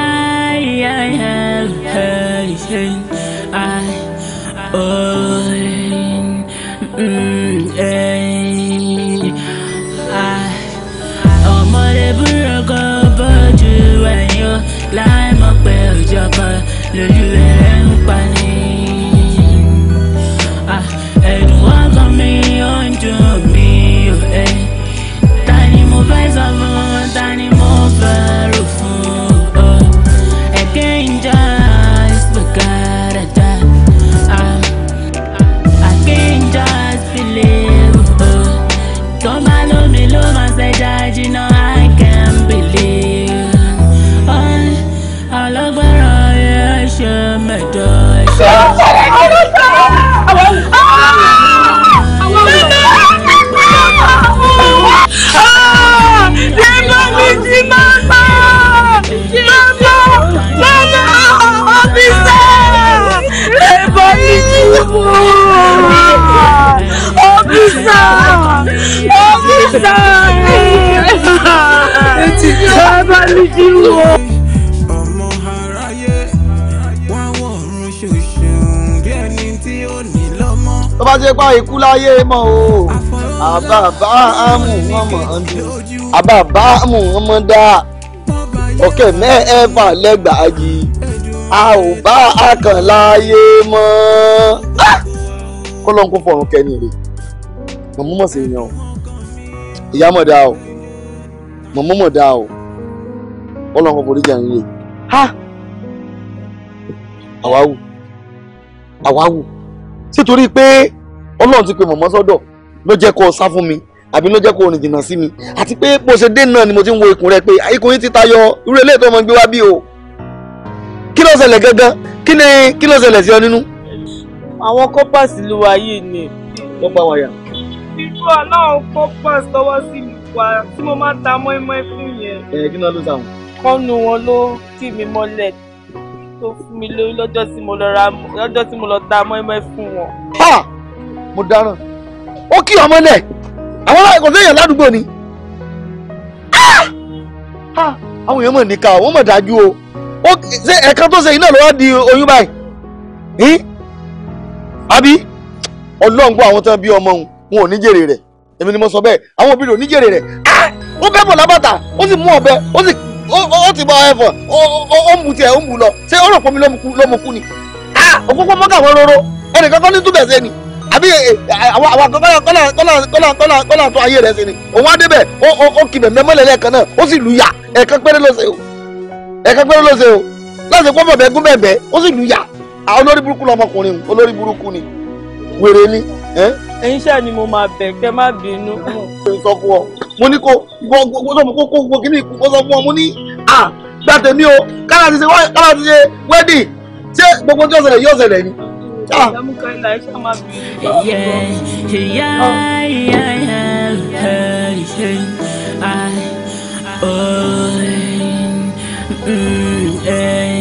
ọmọdé búrọ̀kọ bọ́jú ẹ̀yọ́ láì mọ̀ pé ìjọba lójú ẹ̀rẹ́ ń pa. ọ́fíìsà ẹ ti tẹ́ ẹ bá mi jí wọ. ọmọ aráyé wọn wọ̀run ṣoṣùn bí ẹni tí ó ní lọ́mọ. tó bá jẹ́ pa ikú láyé mọ́ o àbàbà àmù ọmọ ọdún àbàbà àmù ọmọ dáa ọ̀kẹ́ mẹ́ẹ̀ẹ́fà lẹ́gbàá a ò bá a kàn láàyè mọ́ ah! kọ́lọ́n kó fọ̀rùn kẹ́ni rè mọ̀ mọ́mọ́ sí èèyàn o ìyá mọ̀ dáa o mọ̀ mọ́mọ́ dáa o ọlọ́run kò rí jà ń ha àwáwù àwáwù sítorí pé ọlọ́run ti pe mọ̀mọ́ sọ́dọ̀ ló jẹ́ kó o sá fún mi àbí ló jẹ́ kó o rìn jìnnà sí mi àti pé bó ṣe dé náà ni mo ti ń wo ikùn rẹ pé ikùn yín ti tayọ irú eléyìí tó máa gbé wá bí o kí ló ṣẹlẹ̀ gangan kí ni kí ló ṣẹlẹ̀ sí ọ nínú. àwọn kọ́pàsì ló wáyé ni. wọ́n bá irú ọlọ́run kó sọ́wọ́ sí mi wá tí mo máa ta mọ́ínmọ́ín fún yẹn. ẹ kí náà ló sà wọn. kọ́nu wọn ló kì mí mọ́lẹ̀ tó fún mi lórí lọ́jọ́ tí mo lọ ta mọ́ínmọ́ín fún wọn. ha mo dáràn ó kí ọmọ lẹ àwọn aláìkọ sẹ́yìn ládùúgbò ni àwọn èèyàn mọ̀ níka wọ́n mọ̀ dájú o ṣé ẹ̀ka tó ṣe iná ló wá di oyún báyìí àbí ọlọ́ngbọ́n àwọn tán bí ọmọ òun wọn ò ní jèrè rẹ̀ èmi ni mo sọ bẹ́ẹ̀ àwọn òbí rẹ̀ ò ní jèrè ah! ó lábàtà ó sì mú ti bọ ó ó lọ ṣé ó rò mi kú ni ah! òkúkú mọ́kà wọn róró ẹnìkan kọ́ ní túbẹ̀ ṣe ni àbí eh, eh, àwọn kọ́là tó ayé rẹ̀ ṣe ni òun á débẹ̀ ó kì bẹ̀m̀bẹ̀ mọ́lẹ̀ lẹ́ẹ̀kan náà ó sì lù ẹ̀ẹ̀kan péré ló ṣe o ẹ̀ẹ̀kan péré ló ṣe o láti kó bọ̀bẹ̀ gún ẹ̀yin ṣáà ni mo máa bẹ̀ kẹ́ má bínú. mo ní kó kó kó kó kíní kó sọ fún ọ mo ní à gba tèmi o kára ti ṣe kára ti ṣe wedding ṣé gbogbo tí yóò ṣẹlẹ̀ yóò ṣẹlẹ̀ ni. Oh, mm, eh.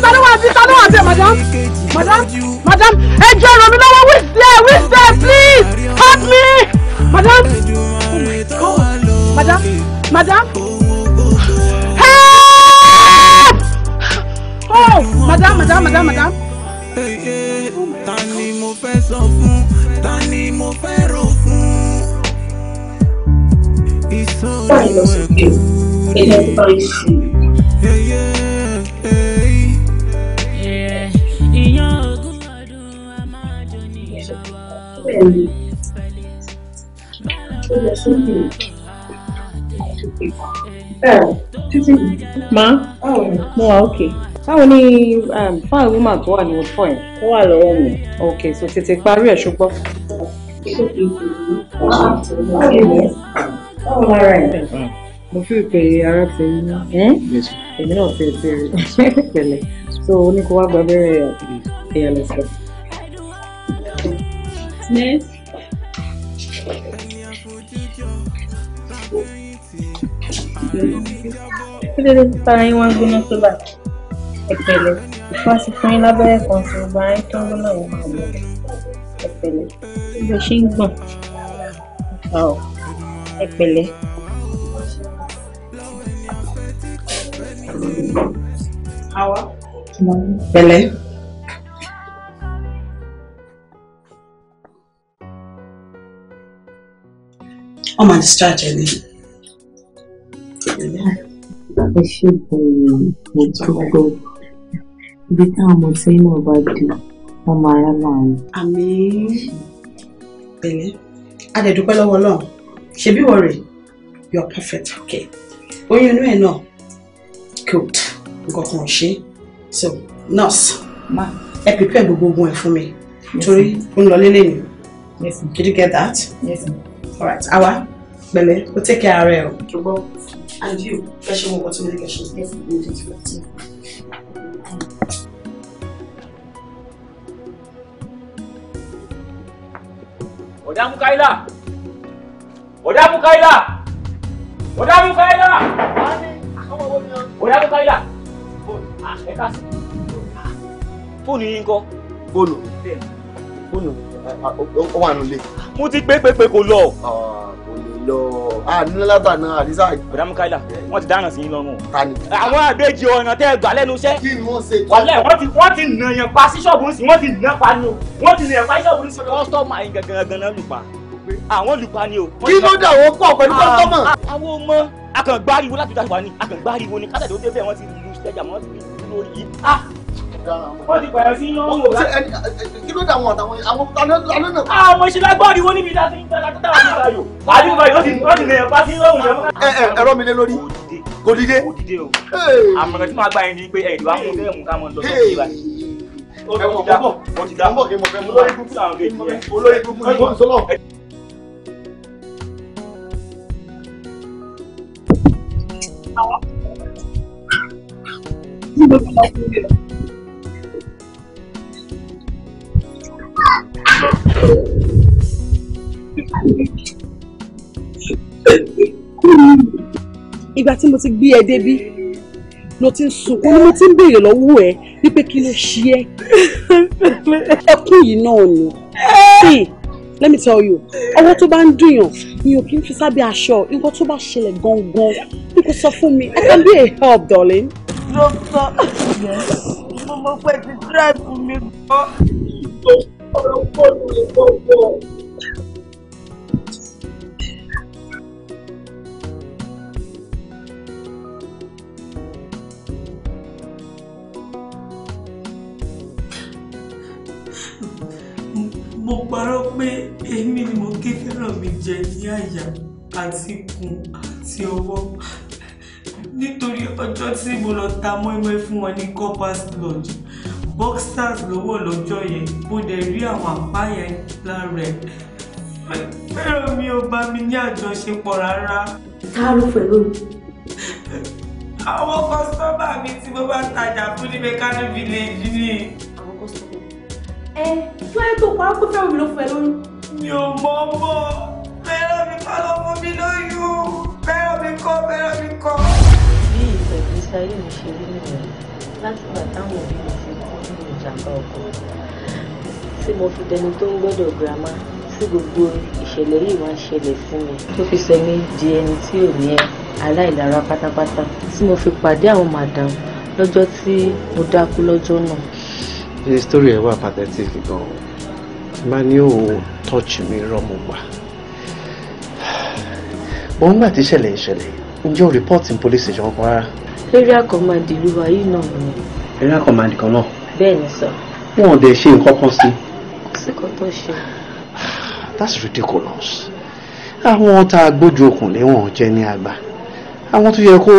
tani wà sí tani wà sí madam madam madam ẹ jẹ́ ràn mí lọ́wọ́ which there which there please help me madam oh my god madam madam help oh madam madam madam madam. ta ni mo fẹ́ sọ fún ta ni mo fẹ́ rò fún. ìṣòro ẹ̀kú rẹ̀. Ma? ó lọ sókè ẹ títí máa mo wà òkè báwo ni fáwọn wíwà tó wà ní ọ̀fọ̀ ẹ̀ ó wà lọ́wọ́ mi ok so tètè parí ẹ̀ ṣùgbọ́n. báwo lára ẹ̀ mo fi pé ara ti ń hmm? èmi náà ti ti pẹ̀lẹ́ so oníkó wá gba abẹ́rẹ́ ìyàlẹ́sẹ̀ business. kí ló dé tí tara yín wá ń gbóná tó bá ẹ̀pẹ̀lẹ́ ìfásí fún yín lábẹ́rẹ́ kan tó gba yín tó ń gbóná yín kan lọ ẹ̀pẹ̀lẹ́ bó ṣe ń gbọ̀n ẹ̀pẹ̀lẹ́. Àwa. Pẹ̀lẹ́. wọ́n máa discharge ẹ̀ ní. ẹ ṣe bẹ̀rẹ̀ ìdúgbò ibi táwọn ọmọ tí náà bá dé wọ́n máa rá láàrin. àmín pẹ̀lẹ́ a dẹ̀ dúpẹ́ lọ́wọ́ Ọlọ́run ṣebí wọ́n rè you perfect okay oyún inú ẹ̀ náà good nǹkan kan ṣe so nurse ma ẹ prepare gbogbo ogun ẹ̀ fún mi torí ó ń lọ lélẹ̀ did you get that. Yes, all right Awa, pẹ̀lẹ́ o take care ara ẹ o. ṣùgbọ́n and you ẹ ṣe mo kọ́ tí mo ní kẹ́ ṣe ẹ fún mi ní ìdíjú àti. ọ̀dà mukaila ọ̀dà mukaila ọ̀dà mukaila ọ̀dà mukaila ah, ẹ̀ka sí fóònù yín kọ́ fóònù fóònù ó wà nílé. mo ti pé pépé kò lọ. kò lè lọ ànílábà náà àdísà. bùdá mukaila wọn ti dáná sí i lọ́rùn. tani. àwọn àbejì ọ̀ràn tẹ́ gbà lẹ́nu iṣẹ́. kí ni wọ́n ṣe. wàlẹ́ wọ́n ti wọ́n ti nà yàn pa sí ṣọ́ọ̀bù nísìnyí wọ́n ti nà pa ni o wọ́n ti nà yàn pa sí ṣọ́ọ̀bù nísìnyí. kọ́sítọ́mù yín gangan gangan lù pa àwọn olùpa ni o. kí ló dà wọ́n pọ̀ pẹ̀lú kọ́sítọ́mù. Ah. àwọn ọmọ akàngbáriwo láti dáhùn wa ni akàngbáriwo ni kásẹ̀ tó dé bẹ́ẹ̀ wọ́n ti lu sẹ́jà wọ́n ti lu lórí yìí. Ah! wọ́n ti pààyàn sí yán wò. kí ló dé àwọn àtàwọn àwọn alẹ́ náà. a mọ̀ ṣe lágbọ́n ìdíwọ́ níbi tá a ti ń gbà látọ̀ àwọn ìgbà yòó. àti ìgbà yòó ti wọ́n ti lè pa sí yán wò yẹn. ẹ ẹ ẹ̀rọ mi lé lórí. kò dìde. kò dìde o. àmọ̀ràn tí màá gbà yẹn ni pé ẹ̀dùn àwọn ọmọdé mú ká mọ̀ lọ sí ìgbà olórí gbogbo olórí gbogbo Thank you. ìgbà tí mo ti gbé ẹ débí ló ti ń sunkún ni mo ti ń béèrè lọ́wọ́ ẹ wípé kí ló ṣe ẹ ẹkún yìí náà ni see let me tell you ọwọ́ tó bá ń dùnyàn ni ò kí n fi sábẹ́ aṣọ nǹkan tó bá ṣẹlẹ̀ gangan n kò sọ fún mi I can be a help darling. dókítà mo mọ pé ti tíráìpù mi gbọ́ ọ̀rọ̀ pọ̀ lórí gbogbo. mo parọ́ pé èmi ni mo gé fẹ́ràn mi jẹ ní àyà àti ikùn àti ọwọ́ nítorí ọjọ́ tí mo lọ ta mọ́ẹ́mọ́ẹ́ fún wọn ní corpus lodge boxers lówó lọ́jọ́ yẹn mo dẹ̀ rí àwọn àpá yẹn lára ẹ̀ fẹ́ràn mi ò bá mi ní àjọṣepọ̀ rárá. ta ló fẹ́ lónìí. àwọn kọ́sítọ́mà mi tí mo bá tajà fún ní mẹkánú village ni. àwọn kọ́sítọ́mà ẹ tó ẹ tó pa pé fẹ́ràn mi ló fẹ́ lóyún. mi ò mọ̀ mọ́ fẹ́ràn mi kọ́ ló fún mi lóyún fẹ́ràn mi kọ́ fẹ́ràn mi kọ́. bí ìfẹ̀gbésí ayé mi ṣe rí nìyẹn láti gbà táwọn òbí mi ìjàmbá ọkọ̀ tí mo fi dẹni tó ń gbọ́dọ̀ girama tí gbogbo ìṣẹ̀lẹ̀ yìí wá ń ṣẹlẹ̀ sí mi tó fi sọ di ẹni tí ò ní aláìlára pátápátá tí mo fi pàdé àwọn màdàm lọ́jọ́ tí mo dákú lọ́jọ́ náà. ṣe sítórí ẹ wà pathetic gan má ní ò tọ́ọ̀chì mi rọ́mù gbà mo ń gbà tí ìṣẹ̀lẹ̀ ìṣẹ̀lẹ̀ ǹjẹ́ o rìpọ́ọ̀tì police station kan rárá. area command ìlú wa yìí náà ni. area command kan náà bẹ́ẹ̀ ni sọ. wọn ò dẹ̀ ṣe nǹkan kan sí. àsìkò tó ṣe. that's ridiculous. àwọn tá a gbójú okùn léwọ̀n jẹ́ ní àgbà àwọn tó yẹ kó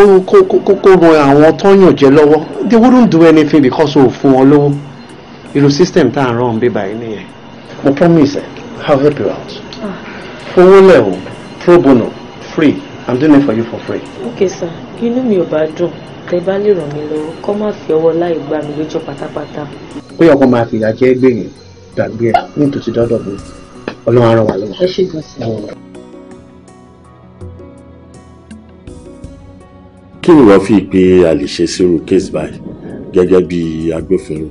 kó kó ran àwọn tó yàn jẹ lọ́wọ́ they wouldn't do anything because o fún wọn lówó irú system tá à ń ràn bí báyìí nìyẹn mo promise i'll help you out fowó lẹ̀ pro bono free i'm doing it for you for free. okay sir inú mi ò bá dùn tẹ bá lè ràn mí lọ́wọ́ kọ́ má fi ọwọ́ láì gbá mi lójú pátápátá. ó yẹ kó máa fìyà jẹ ẹgbẹ́ yẹn gbàgbé ẹ nítòsí dọ́dọ̀ mi ọlọ́run á ràn wá lọ́wọ́. ẹ ṣe gbọ́n sí i. kí ni wọ́n fi pé a lè ṣe sírú case by? gẹ́gẹ́ bí agbófinró.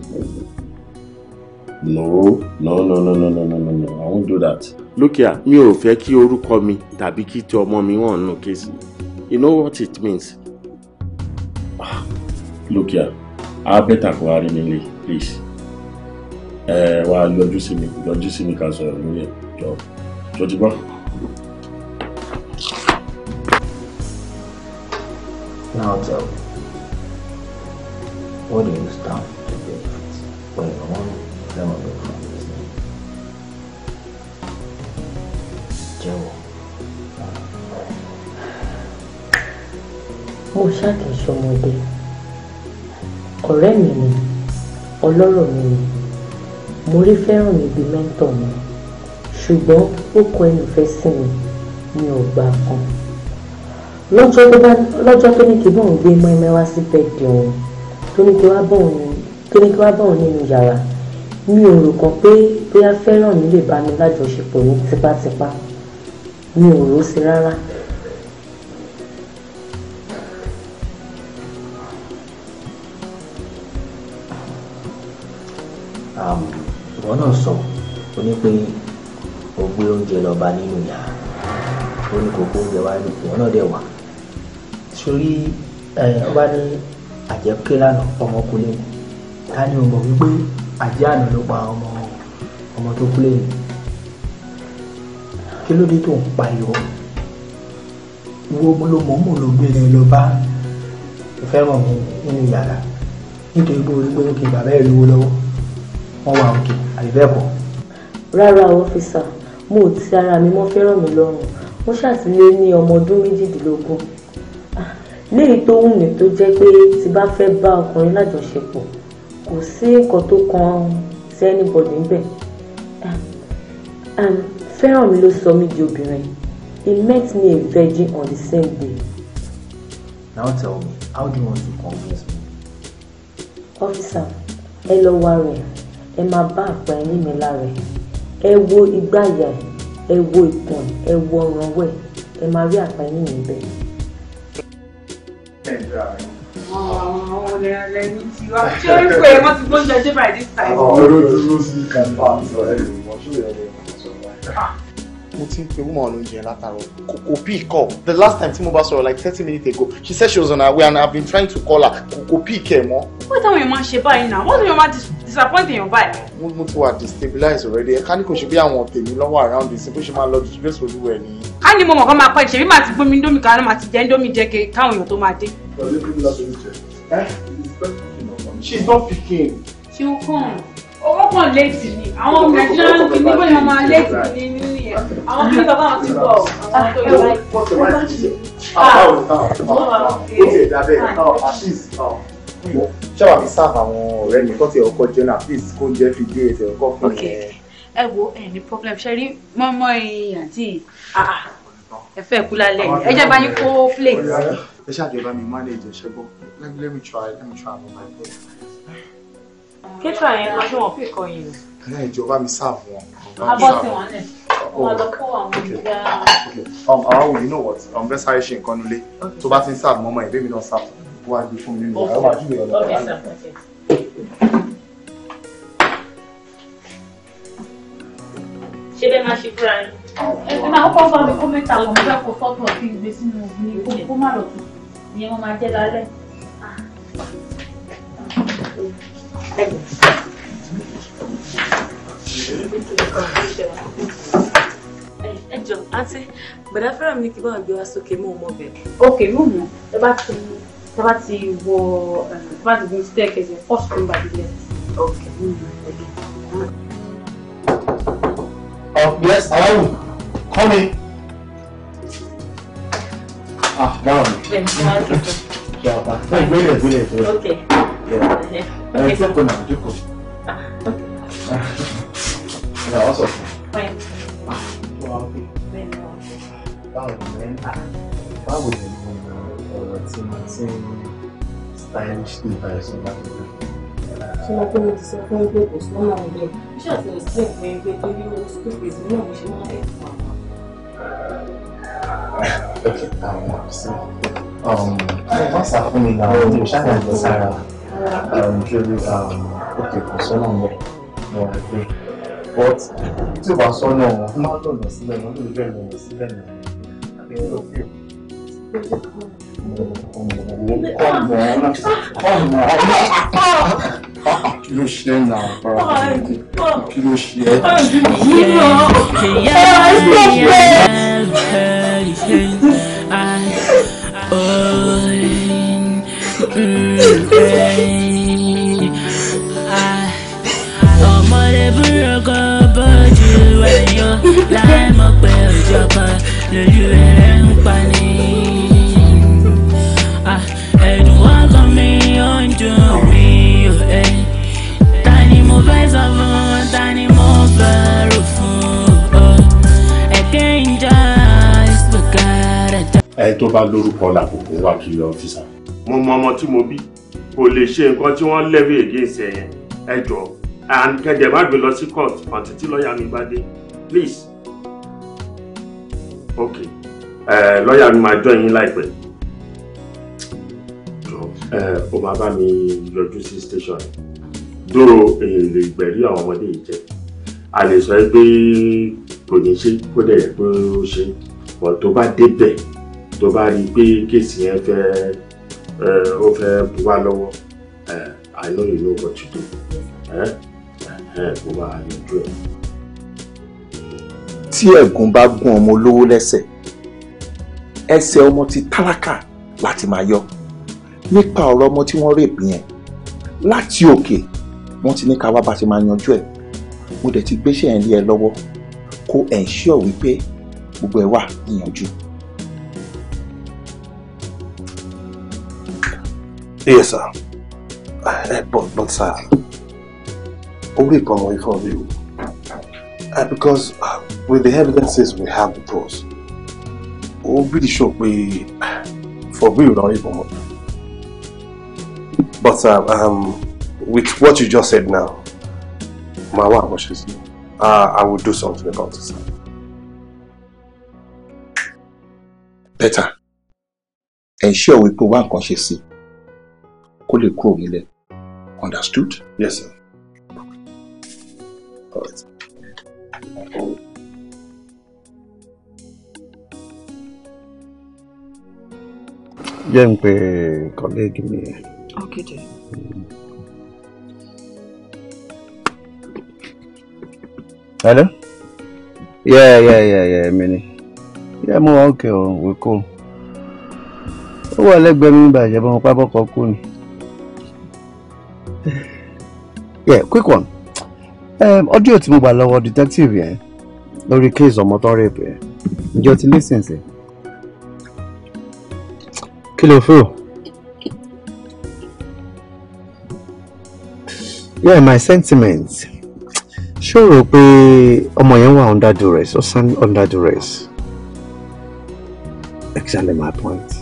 No, no, no, no, no, no, no, no, no, I won't do that. Look here, mi ò fẹ́ kí orúkọ mi tàbí kí ti ọmọ mi wọ̀n nù kéésì. You know what it means? ah look here a bẹ́tà kó a rí mi lè please Uh, wá you're just, mi yọjú sí mi ká sọ̀rọ̀ lórí ẹ̀ jọ jọ ti gbọ́. Now tell me, what do you stand to benefit when you want them to benefit? mo ṣáàkì ṣọmọdé ọ̀rẹ́ mi ni ọlọ́rọ̀ mi ni mo rí fẹ́ràn mi bíi mẹ́ńtọ̀ mi ṣùgbọ́n ó kọ ẹnu fẹ́ sí mi ní ọgbà kan lọ́jọ́ tó ní kí bóun gbé mọ́ẹ́mẹ́ wá sí bẹ́ẹ̀dì òun tó ní kí wá bóun nínú yàrá mi ò rò kàn pé bóyá fẹ́ràn mi lè bá mi lájọṣepọ̀ ní tipátipá mi ò rò sí rárá. wọn náà sọ ó ní pé ó gbé oúnjẹ lọ́ba nínú yàrá o ní kò gbé oúnjẹ wá ní wọn náà dẹ̀ wà sórí ó bá ní àjẹkẹ́ lánà ọmọkùnrin ta ni o mọ̀ wípé àjẹ́ àná ló pa ọmọ ọmọ tó kú lẹ́yìn kí ló dé tó ń pariwo wo ló mọ̀ mọ̀ ló gbé lọ bá fẹ́ràn mi nínú yàrá nítorí pé orí pé ó kì bàbá ẹ̀ lówó lọ́wọ́ wọ́n wà òkè àbí bẹ́ẹ̀ kọ́. rárá ọ́fíìsà mo ò ti ara mi mọ́ fẹ́ràn mi lọ́rùn mo ṣàtìlẹ́ ní ọmọ ọdún méjìdínlógún ah, léyìí tó wù mí tó jẹ́ pé tí bá fẹ́ bá ọkùnrin lájọṣepọ̀ kò sí nǹkan tó kan sí anybody níbẹ̀ ah, ah, fẹ́ràn mi ló sọ mí di obìnrin he met me a virgin on the same day. now tell me how do you want to convince me. officer ẹ lọ wá rẹ̀ ẹ máa bá àpá ẹyín mi lára ẹ̀ ẹ wo igbá ìyá ẹ̀ ẹ wo ikùn ẹ̀ ẹ wo ọrùn ọwọ́ ẹ̀ ẹ máa rí àpá ẹyín mi bẹ́ẹ̀. mo ti ń pe woman oúnjẹ látàrọ kò kò pick up the last time tí mo bá sọ̀rọ̀ like thirty minutes ago she said she was on her way and i have been trying to call her kò kò pick ẹ mọ́. wọ́n táwọn èèyàn máa ṣe báyìí náà wọ́n táwọn èèyàn máa dis disappoint èèyàn báyìí. mo mo ti wà destabilize already ẹ ká ní kò ṣe bí àwọn tèmi lọ́wọ́ around the simple ṣe máa lọ disgrace olúwa ẹ̀ nìyí. ká ní mo mọ̀ kán máa pẹ́ ṣèbí màá ti gbómi ndómi kan máa ti jẹ́ ndómi jẹ́ káwọn èèyàn tó máa dé. she don pikin. she o kàn owó I want ni àwọn nigerian kìíní bóyá máa léètì ni nínú yẹn àwọn kìíní bàbá wọn ti bọ̀ àwọn tó yẹ báyìí ṣáwà mi sáàfù àwọn ọ̀rẹ́ mi kọ́ ti ọkọ̀ jẹun at least kó jẹ́ fi gbé ẹsẹ̀ ọkọ̀ fún mi. ẹ wo ẹ ní problem ṣe rí mọ́mọ́ ẹ̀yìn àti ah, ah. ẹ fẹ́ kú lálẹ́ ẹ jẹ́ bá yín kó plate. ẹ ṣàjọba mi manage ẹṣẹ bọ let me try let me try for my best. kẹ́tọ̀ àyẹn lọ sí wọn fi kọ yìí. ẹ ìjọba mi sáàfù wọn. abọ́ ti wọn lẹ̀. Oh, okay. Okay. Um, Arawu, you know what? Um, best hire ṣe nǹkan nulẹ̀. Tó bá ti ń sáàbù mọ́mọ́ ẹ̀, bẹ́ẹ̀ mi náà sáàbù wá gbé fún mi nínú àwọn àjúwe ọ̀dọ̀ ọ̀dọ̀. ṣé bẹ́ẹ̀ máa ṣe fúnra yín. ẹ máa kọ́ bá mi kó mẹ́ta àwọn ọmọ ẹ̀kọ́ fọ́tò ọ̀fìn gbé sínú ní kó má lọ tó ìyẹn wọn máa jẹ́ lálẹ́. ẹ jọ àǹtí gbàdáfẹ́ràn mi kí bá wọn gbé wá sókè mọ́ ọmọ bẹ̀. ok mú mọ́ ẹ bá ti mú tí a bá ti wọ tí a bá ti gun staircase yẹn first room by the left. okay oh yes allow me come in ah down. Yeah, but no, go there, go there, go there. Okay. Yeah. Okay. Uh, okay. now, okay. Yeah, also. dressing stylish nípa ẹ̀sùn bá tó náà. ṣé wọ́n pé mo ti sọ fún ẹgbẹ́ kò sọ́nà ọ̀dọ́ iṣẹ́ àti ẹ̀sìn fún ẹgbẹ́ tó ní owó school fees náà mo ṣe máa ń fún àwọn. Okay, um, so, um, what's happening now? You shine at the Um, okay, kò sọ́nà ọ̀dọ́. But, tí o bá sọ́nà ọ̀hún, ó máa ń lọ̀nà sílẹ̀, ó máa okay. Come on, come on. Kí ló ṣe tó bá lórúkọ làkòkò wà kiri ọ́fíìsà. mo mọ ọmọ tí mo bí kò lè ṣe nǹkan tí wọ́n lẹ́bí against ẹ̀ yẹn ẹ jọ and kẹ̀dẹ̀ má gbé lọ sí court àti tí lọ́ọ̀yà mi bá dé please ok lọ́ọ̀yà mi máa jọ yín láìpẹ́ o máa bá mi yọjú sí station dóró èèyàn lè gbẹ̀rí àwọn ọmọdé yìí jẹ́ a lè sọ pé kò ní ṣe kó dẹ̀ pé ó ṣe ọ̀ tó bá débẹ̀ tó bá rí i pé kéèsì yẹn fẹ́ ó fẹ́ bu lọ́wọ́ I know you know what you do ó máa yanjú ẹ̀. tí ẹ̀gún bá gún ọmọ olówó lẹ́sẹ̀ ẹsẹ̀ ọmọ ti tálákà láti máa yọ nípa ọ̀rọ̀ ọmọ tí wọ́n rèpì yẹn láti òkè wọ́n ti ní ká wá bá ṣe máa yanjú ẹ̀ mo dẹ̀ ti gbéṣẹ́ yẹn lé ẹ lọ́wọ́ kó ensure wípé gbogbo ẹ̀ wà níyanjú. Yes, sir. Uh, but, but, sir, only come away for you. Uh, because uh, with the evidences we have with us, we'll be sure we for we will not even. But uh, um, with what you just said now, my wife wishes uh, I will do something about this. Better. Ensure we put one conscious kó lè kúrò nílẹ̀ understood. yes sir. All right. jẹ́ ń pe kọ́lẹ́ẹ̀gì mi yẹn. okay dear. hello. yeah yeah yeah yeah mi ni. yeah mo wà ókè o wò kó. ó wà lẹ́gbẹ̀ẹ́ mi bàjẹ́ bọ́n pápákọ̀ kú ni. yeah quick one um, Audio tí mo gbà lọ́wọ́ detective yẹn lórí case ọmọ tó rape yẹn ǹjẹ́ ti listen sí. kí ló yeah my sentiments ṣé o rò pé ọmọ yẹn wà under duress or stand under duress exactly my point.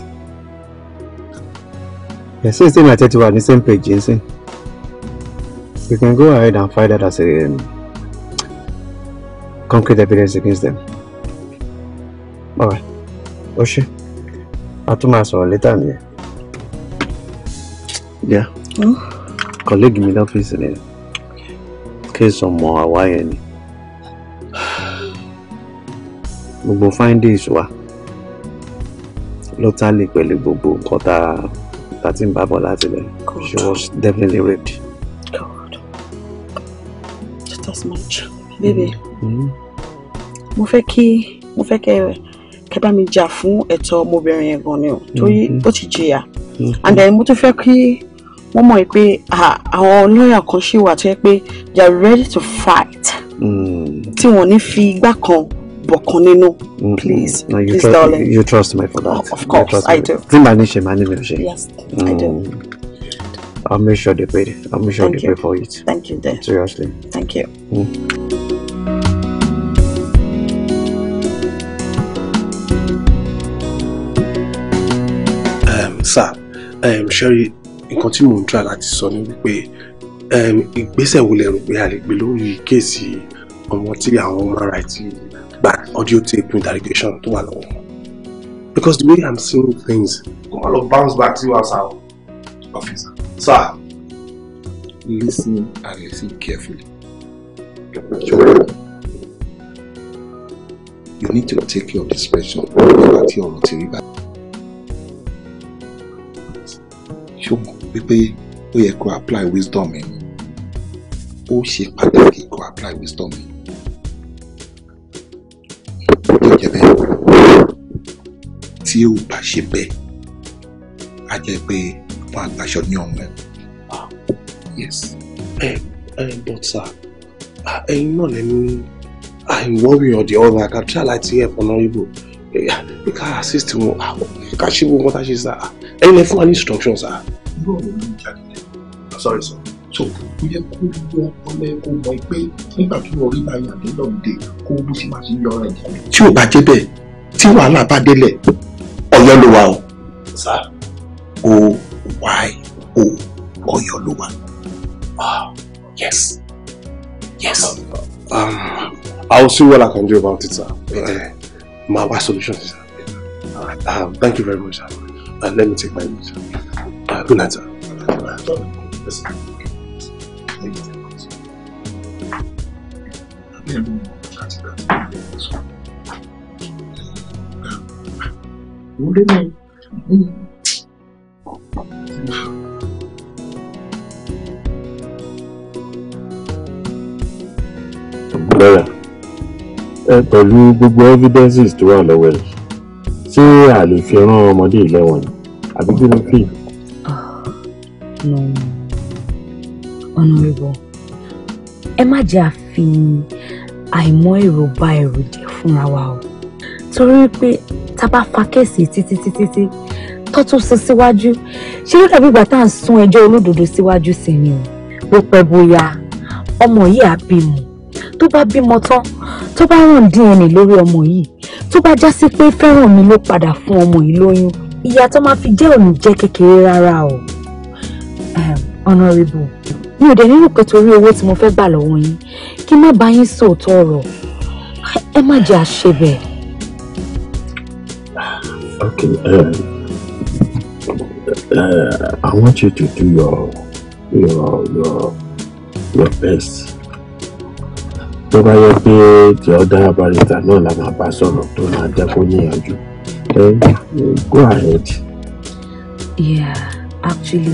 ẹ̀ ṣé ìsinmi àti ẹ̀ ti wà ní same page yẹn sìn. We can go ahead and file that as a um, concrete evidence against them. Alright. Oshi. Atumaso later me. Yeah. Oh. Colleague mi lọ́fíìsì ni. Case ọmọ àwa yẹn We will find this, lọ́tàlì pẹ̀lú gbogbo nǹkan tá a ti ń bá She was definitely raped as much mm-hmm. baby mm-hmm. mo fẹ́ kí mo fẹ́ kẹ́ kẹ́ bá mi jà fún ẹ̀tọ́ ọmọbìnrin yẹn gan ni o torí mm-hmm. ó ti jìyà and then mo tún fẹ́ kí wọ́n mọ̀ pé àwọn lọ́ọ̀yà kan ṣì wà tó yẹ pé they are ready to fight tí wọ́n ní fi igbá kan bọ̀kan nínú please please darling you trust me for that of course I do tí màá ní ṣe màá ní mi ò ṣe yes I do. I'll make sure they pay. I'll make sure Thank they you. pay for it. Thank you, dear. Seriously. Thank you. Mm. Um, sir um, sherry nǹkan tí mò ń try láti sọ ni wípé um, ìgbésẹ̀ wo lẹ rò pé a lè gbé lórí kéèsì ọmọ tí àwọn human rights gba audio tape interrogation tó wà lọ́wọ́ because the way i'm seeing things. kò má lọ bounce back sí wàhálà officer. Sir, ah, listen and listen carefully. You need to take care of this person. Àti ọ̀rọ̀ ti rí báyìí. Ṣùgbọ́n wípé apply wisdom ẹ̀ ni. Ó ṣe pàtàkì apply wisdom ẹ̀. Ó jẹ́ bẹ́ẹ̀. Tí ó bá ṣe máa gbaṣọ ní ọmọ ẹ. yes ẹ eh, ẹ eh, but sir ẹyin náà lẹnu i'm worry on the other i can try láti help honourable ẹ ká assist wọn ká ṣe gbogbo tá a ṣe sá ẹyin lẹ fún wa ní instructions sá. irú ọ̀rọ̀ mi ń jáde lẹ́nu sorry sir so ó yẹ kó wọ ọlẹ kó mọ pé nígbà tó wọrí bá yàn ní lọ́ọ̀dẹ kó bó ti máa ti yọ ọ̀rẹ́ nìkan. tí ò bá jẹ́ bẹ́ẹ̀ tí wàhálà bá délẹ̀ ọ̀yọ́ ló wà o. sáà Y O Oyoluwa. Ah, yes. Yes. Um, um I'll see what I can do about it, sir. Uh, my wife's solution, sir. Uh, uh, um, thank you very much, sir. Uh, let me take my leave, sir. Uh, good night, sir. Yes lọ́yà ẹ pẹ̀lú gbogbo evidences tó wà lọ́wọ́ rẹ̀ ṣé a lè fi rán ọmọdé ìlẹ́wọ̀n ni àbí kí ló fi. ọ̀nàrẹ́bọ̀ ah, ẹ má jẹ́ àfi àìmọ̀ èrò ba èrò jẹ́ fúnra wa o torí pé tá a bá fa kéèsì títí títí títí tó tún sún síwájú ṣé ló dàbí ìgbà tá à ń sún ẹjọ́ olódodo síwájú sí ni o bó pẹ́ bóyá ọmọ yìí á bímọ tó bá bímọ tán tó bá ràn DNA lórí ọmọ yìí tó bá já sí pé fẹ́ràn mi ló padà fún ọmọ yìí lóyún ìyá tó máa fi jẹ́ òní jẹ́ kékeré rárá o ehm, honourable mi ò dẹ̀ nínú pé torí owó tí mo fẹ́ gbà lọ́wọ́ yín kí má bá yín sòótọ́ ọ̀rọ̀ ẹ má jẹ́ àṣebẹ̀. uh, I want you to do your your your your best. tó bá yẹ pé tí ọ̀dà barista náà la máa bá sọ̀rọ̀ tó máa jẹ́ kó níyànjú go ahead. yeah actually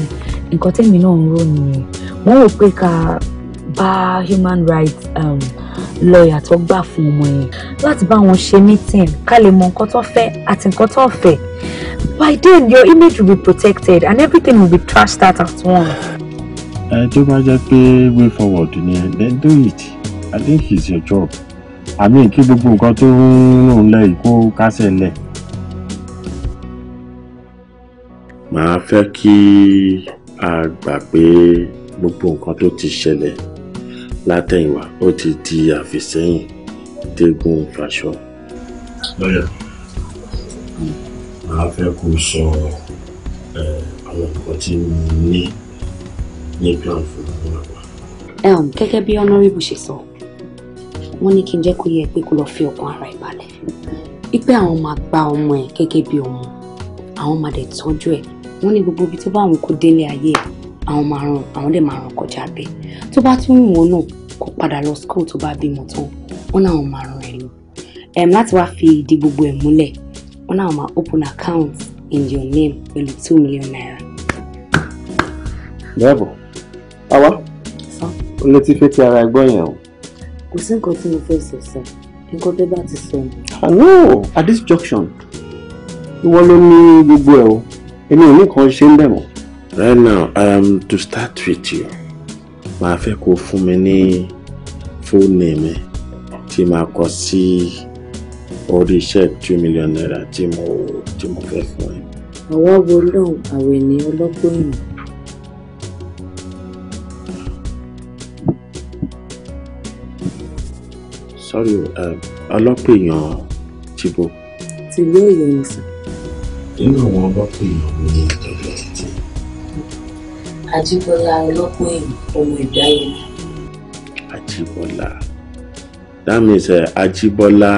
nǹkan tẹ́mi náà ń rò nìyẹn wọ́n rò pé ká bá human rights um, lọ́ọ̀yà tó gbà fún ọmọ yẹn láti bá wọn ṣe meeting ká lè mọ nǹkan tó fẹ́ àti nǹkan tó fẹ́ by then your image will be protected and everything will be trashed out at once. ẹ tó bá jẹ́ pé way forward ni ẹ then do it i think it's your job àmì kí gbogbo nǹkan tó ń rùn lẹ́yìn kó kásẹ̀ lẹ̀. màá fẹ́ kí a gbà pé gbogbo nǹkan tó ti ṣẹlẹ̀ látẹ̀yìnwá ó ti di àfìsẹ́yìn tẹ́gùn fàṣọ. lọ́yà hmm. màá fẹ́ kó sọ àwọn nǹkan tí mo ní ní plan fún àwọn àgbà. gẹ́gẹ́ bí honorable ṣe sọ wọ́n ní kí n jẹ́ kó yẹ pé kó lọ́ọ́ fi ọkàn ara ẹ̀ balẹ̀ wípé àwọn máa gba ọmọ ẹ̀ gẹ́gẹ́ bí ọmọ àwọn máa dẹ̀ tọ́jú ẹ̀ wọ́n ní gbogbo ibi tó bá àwọn kó délé ayé ẹ̀ àwọn máa ràn àwọn lè máa ràn kọjá bẹ́ẹ̀ tó bá tún wù wọ́n náà kó padà lọ school tó bá bímọ tán wọ́n láwọn máa ràn ẹ́ lọ láti wá fi ìdí gbogbo ẹ̀ múlẹ̀ wọ́n láwọn máa open account in your name pẹ̀lú two million naira. bẹ́ẹ̀bù àwa o lè ti fẹ́ ti ara ẹgbọ́n yẹn o. kò sí nǹkan tí mo fẹ́ sọ sọ nǹkan tó bá ti sọ mi. àná at this junction ìwọ ló ní gbogbo ẹ o èmi ò ní kan ṣe ń bẹ̀ right now um, to start with you màá fẹ́ kó fún mi ní phone name tí màá kọ sí orí iṣẹ́ two million naira tí mo tí mo fẹ́ fún ẹ. ọwọ́ wo lóhùn àwẹ̀ ní ọlọ́gbọ́n yìí. sorry ọlọ́pàá èèyàn tìbò. tìlú èèyàn nìsà. nínú àwọn ọlọ́pàá èèyàn mi ni ìtọ́jú Ajíbọ́lá ọlọ́pọ̀ èyí ọmọ ìdáyẹmí. Ajibola. that means uh, Ajíbọ́lá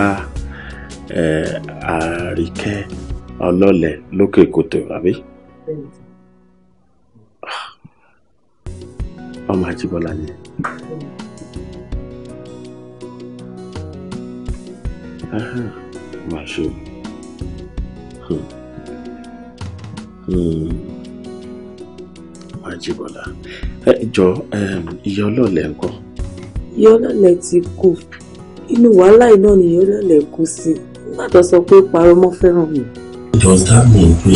uh, Àríkẹ́ ọlọ́lẹ̀ lókè kòtò àbí. ọmọ Ajibola. ni. máa ṣe. Hmm. Hmm. Àjíbọ́lá ẹ jọ ìyá ọlọ́ọ̀lẹ̀ ńkọ́. ìyá ọlọ́ọ̀lẹ̀ ti kú inú wàhálà iná ni ìyá ọlọ́ọ̀lẹ̀ kú sí nígbà tó sọ pé parọ́ mọ́ fẹ́ràn mi. Does that mean pé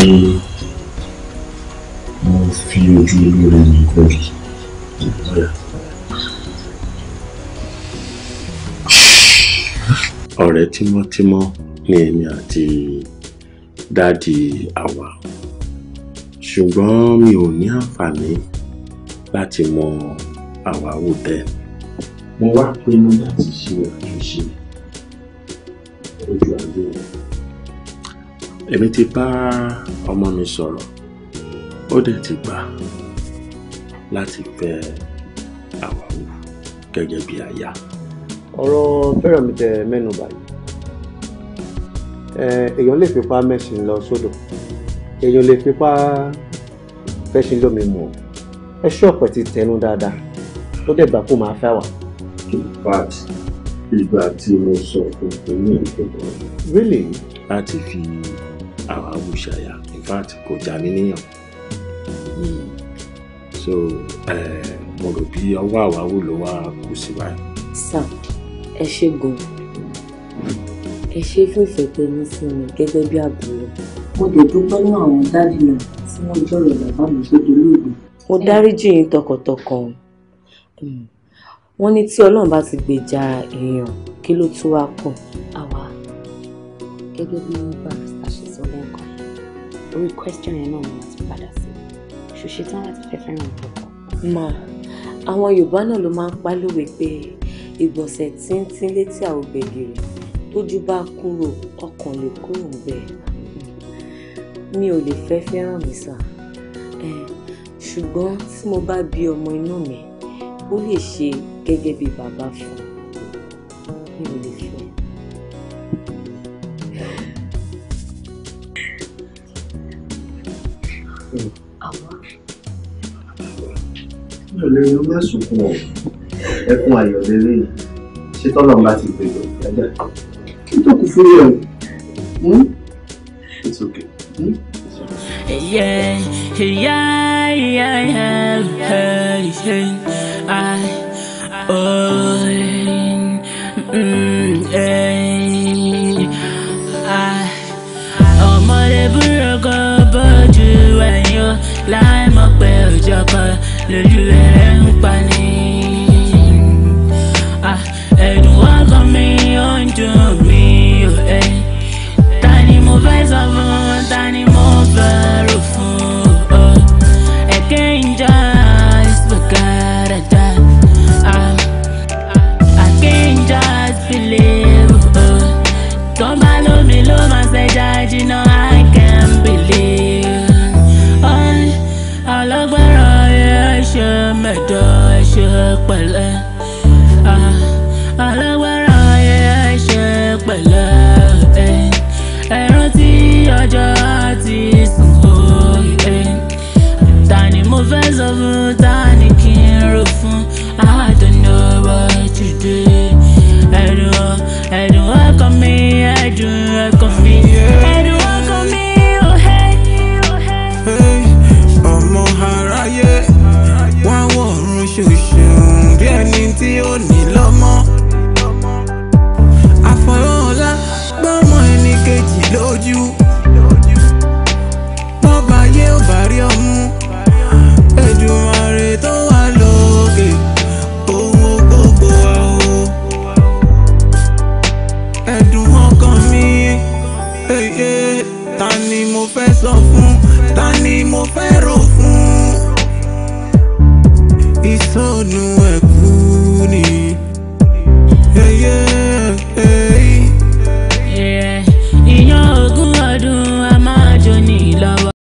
mo fi ojú olóore mi kórè ìgbọ́yà? ọ̀rẹ́ tímọ́tímọ́ ni èmi àti dáàdi àwa ṣùgbọ́n mi ò ní àǹfààní láti mọ àwárò tẹ́ mo wá pinnu láti ṣe àtúnṣe ojú ayé rẹ̀ èmi ti bá ọmọ mi sọ̀rọ̀ ó dẹ̀ ti gbà láti fẹ́ àwárò gẹ́gẹ́ bí aya. ọ̀rọ̀ fẹ́ràn mi tẹ mẹ́nu báyìí èèyàn lè fipá mẹ́sìn lọ sódò èèyàn lè fipá. Pa fẹ́ ṣe yọ mi mọ̀ ẹ ṣé ọ̀pẹ ti tẹnu dáadáa ló dẹ̀ gbà kó máa fẹ́ wà. in ìgbà tí mo sọ fún un ní ìgbà. really. láti fi àwọn amúṣàyà in fact kò já mi níyàn so mo rò bí ọwọ́ àwáwò ló wá kù sí wa. sà ẹ ṣé gan-an ẹ ṣé fún ìfẹ́ tẹ ní sí mi gẹ́gẹ́ bí àbúrò mo dẹ̀ dúpẹ́ lọ́wọ́ àwọn dáàdì náà tí wọ́n jọ̀rọ̀ bàbá mi tó dolóògbé. mo dáríjì yín tọkàntọkàn hmm. wọ́n ní tí ọlọ́run bá ti gbèjà èèyàn kí ló tún wá kù àwa gẹ́gẹ́ bí barrister ṣe sọ lẹ́ẹ̀kan orí question yẹn náà ni wọ́n ti padà sí ṣùṣe tán láti fẹ́ fẹ́ràn ọkọ. mọ àwọn yorùbá náà ló máa ń pálówe pé ìgbọ̀nsẹ̀ tí ń tí létí àwọn gbẹ̀gìrì tójú bá kúrò ọkàn lè kúrò ń bẹ́ẹ̀ mi ò lè fẹ́ fẹ́ràn mi sà ṣùgbọ́n tí mo bá bí ọmọ inú mi ó lè ṣe gẹ́gẹ́ bí bàbá fún mi ò lè fẹ́. mi ò lè rí ọmọ ẹ̀sùnkún ọ̀ ẹkún ayọ̀ lélẹ́yìn ṣé tọ́lọ̀ ń bá ti gbèrò ìdájà kí n tó kù fún yẹ̀ o. Hmm? It's okay. Mm? yeah, yeah, yeah, yeah, yeah, yeah, I, oh, yeah.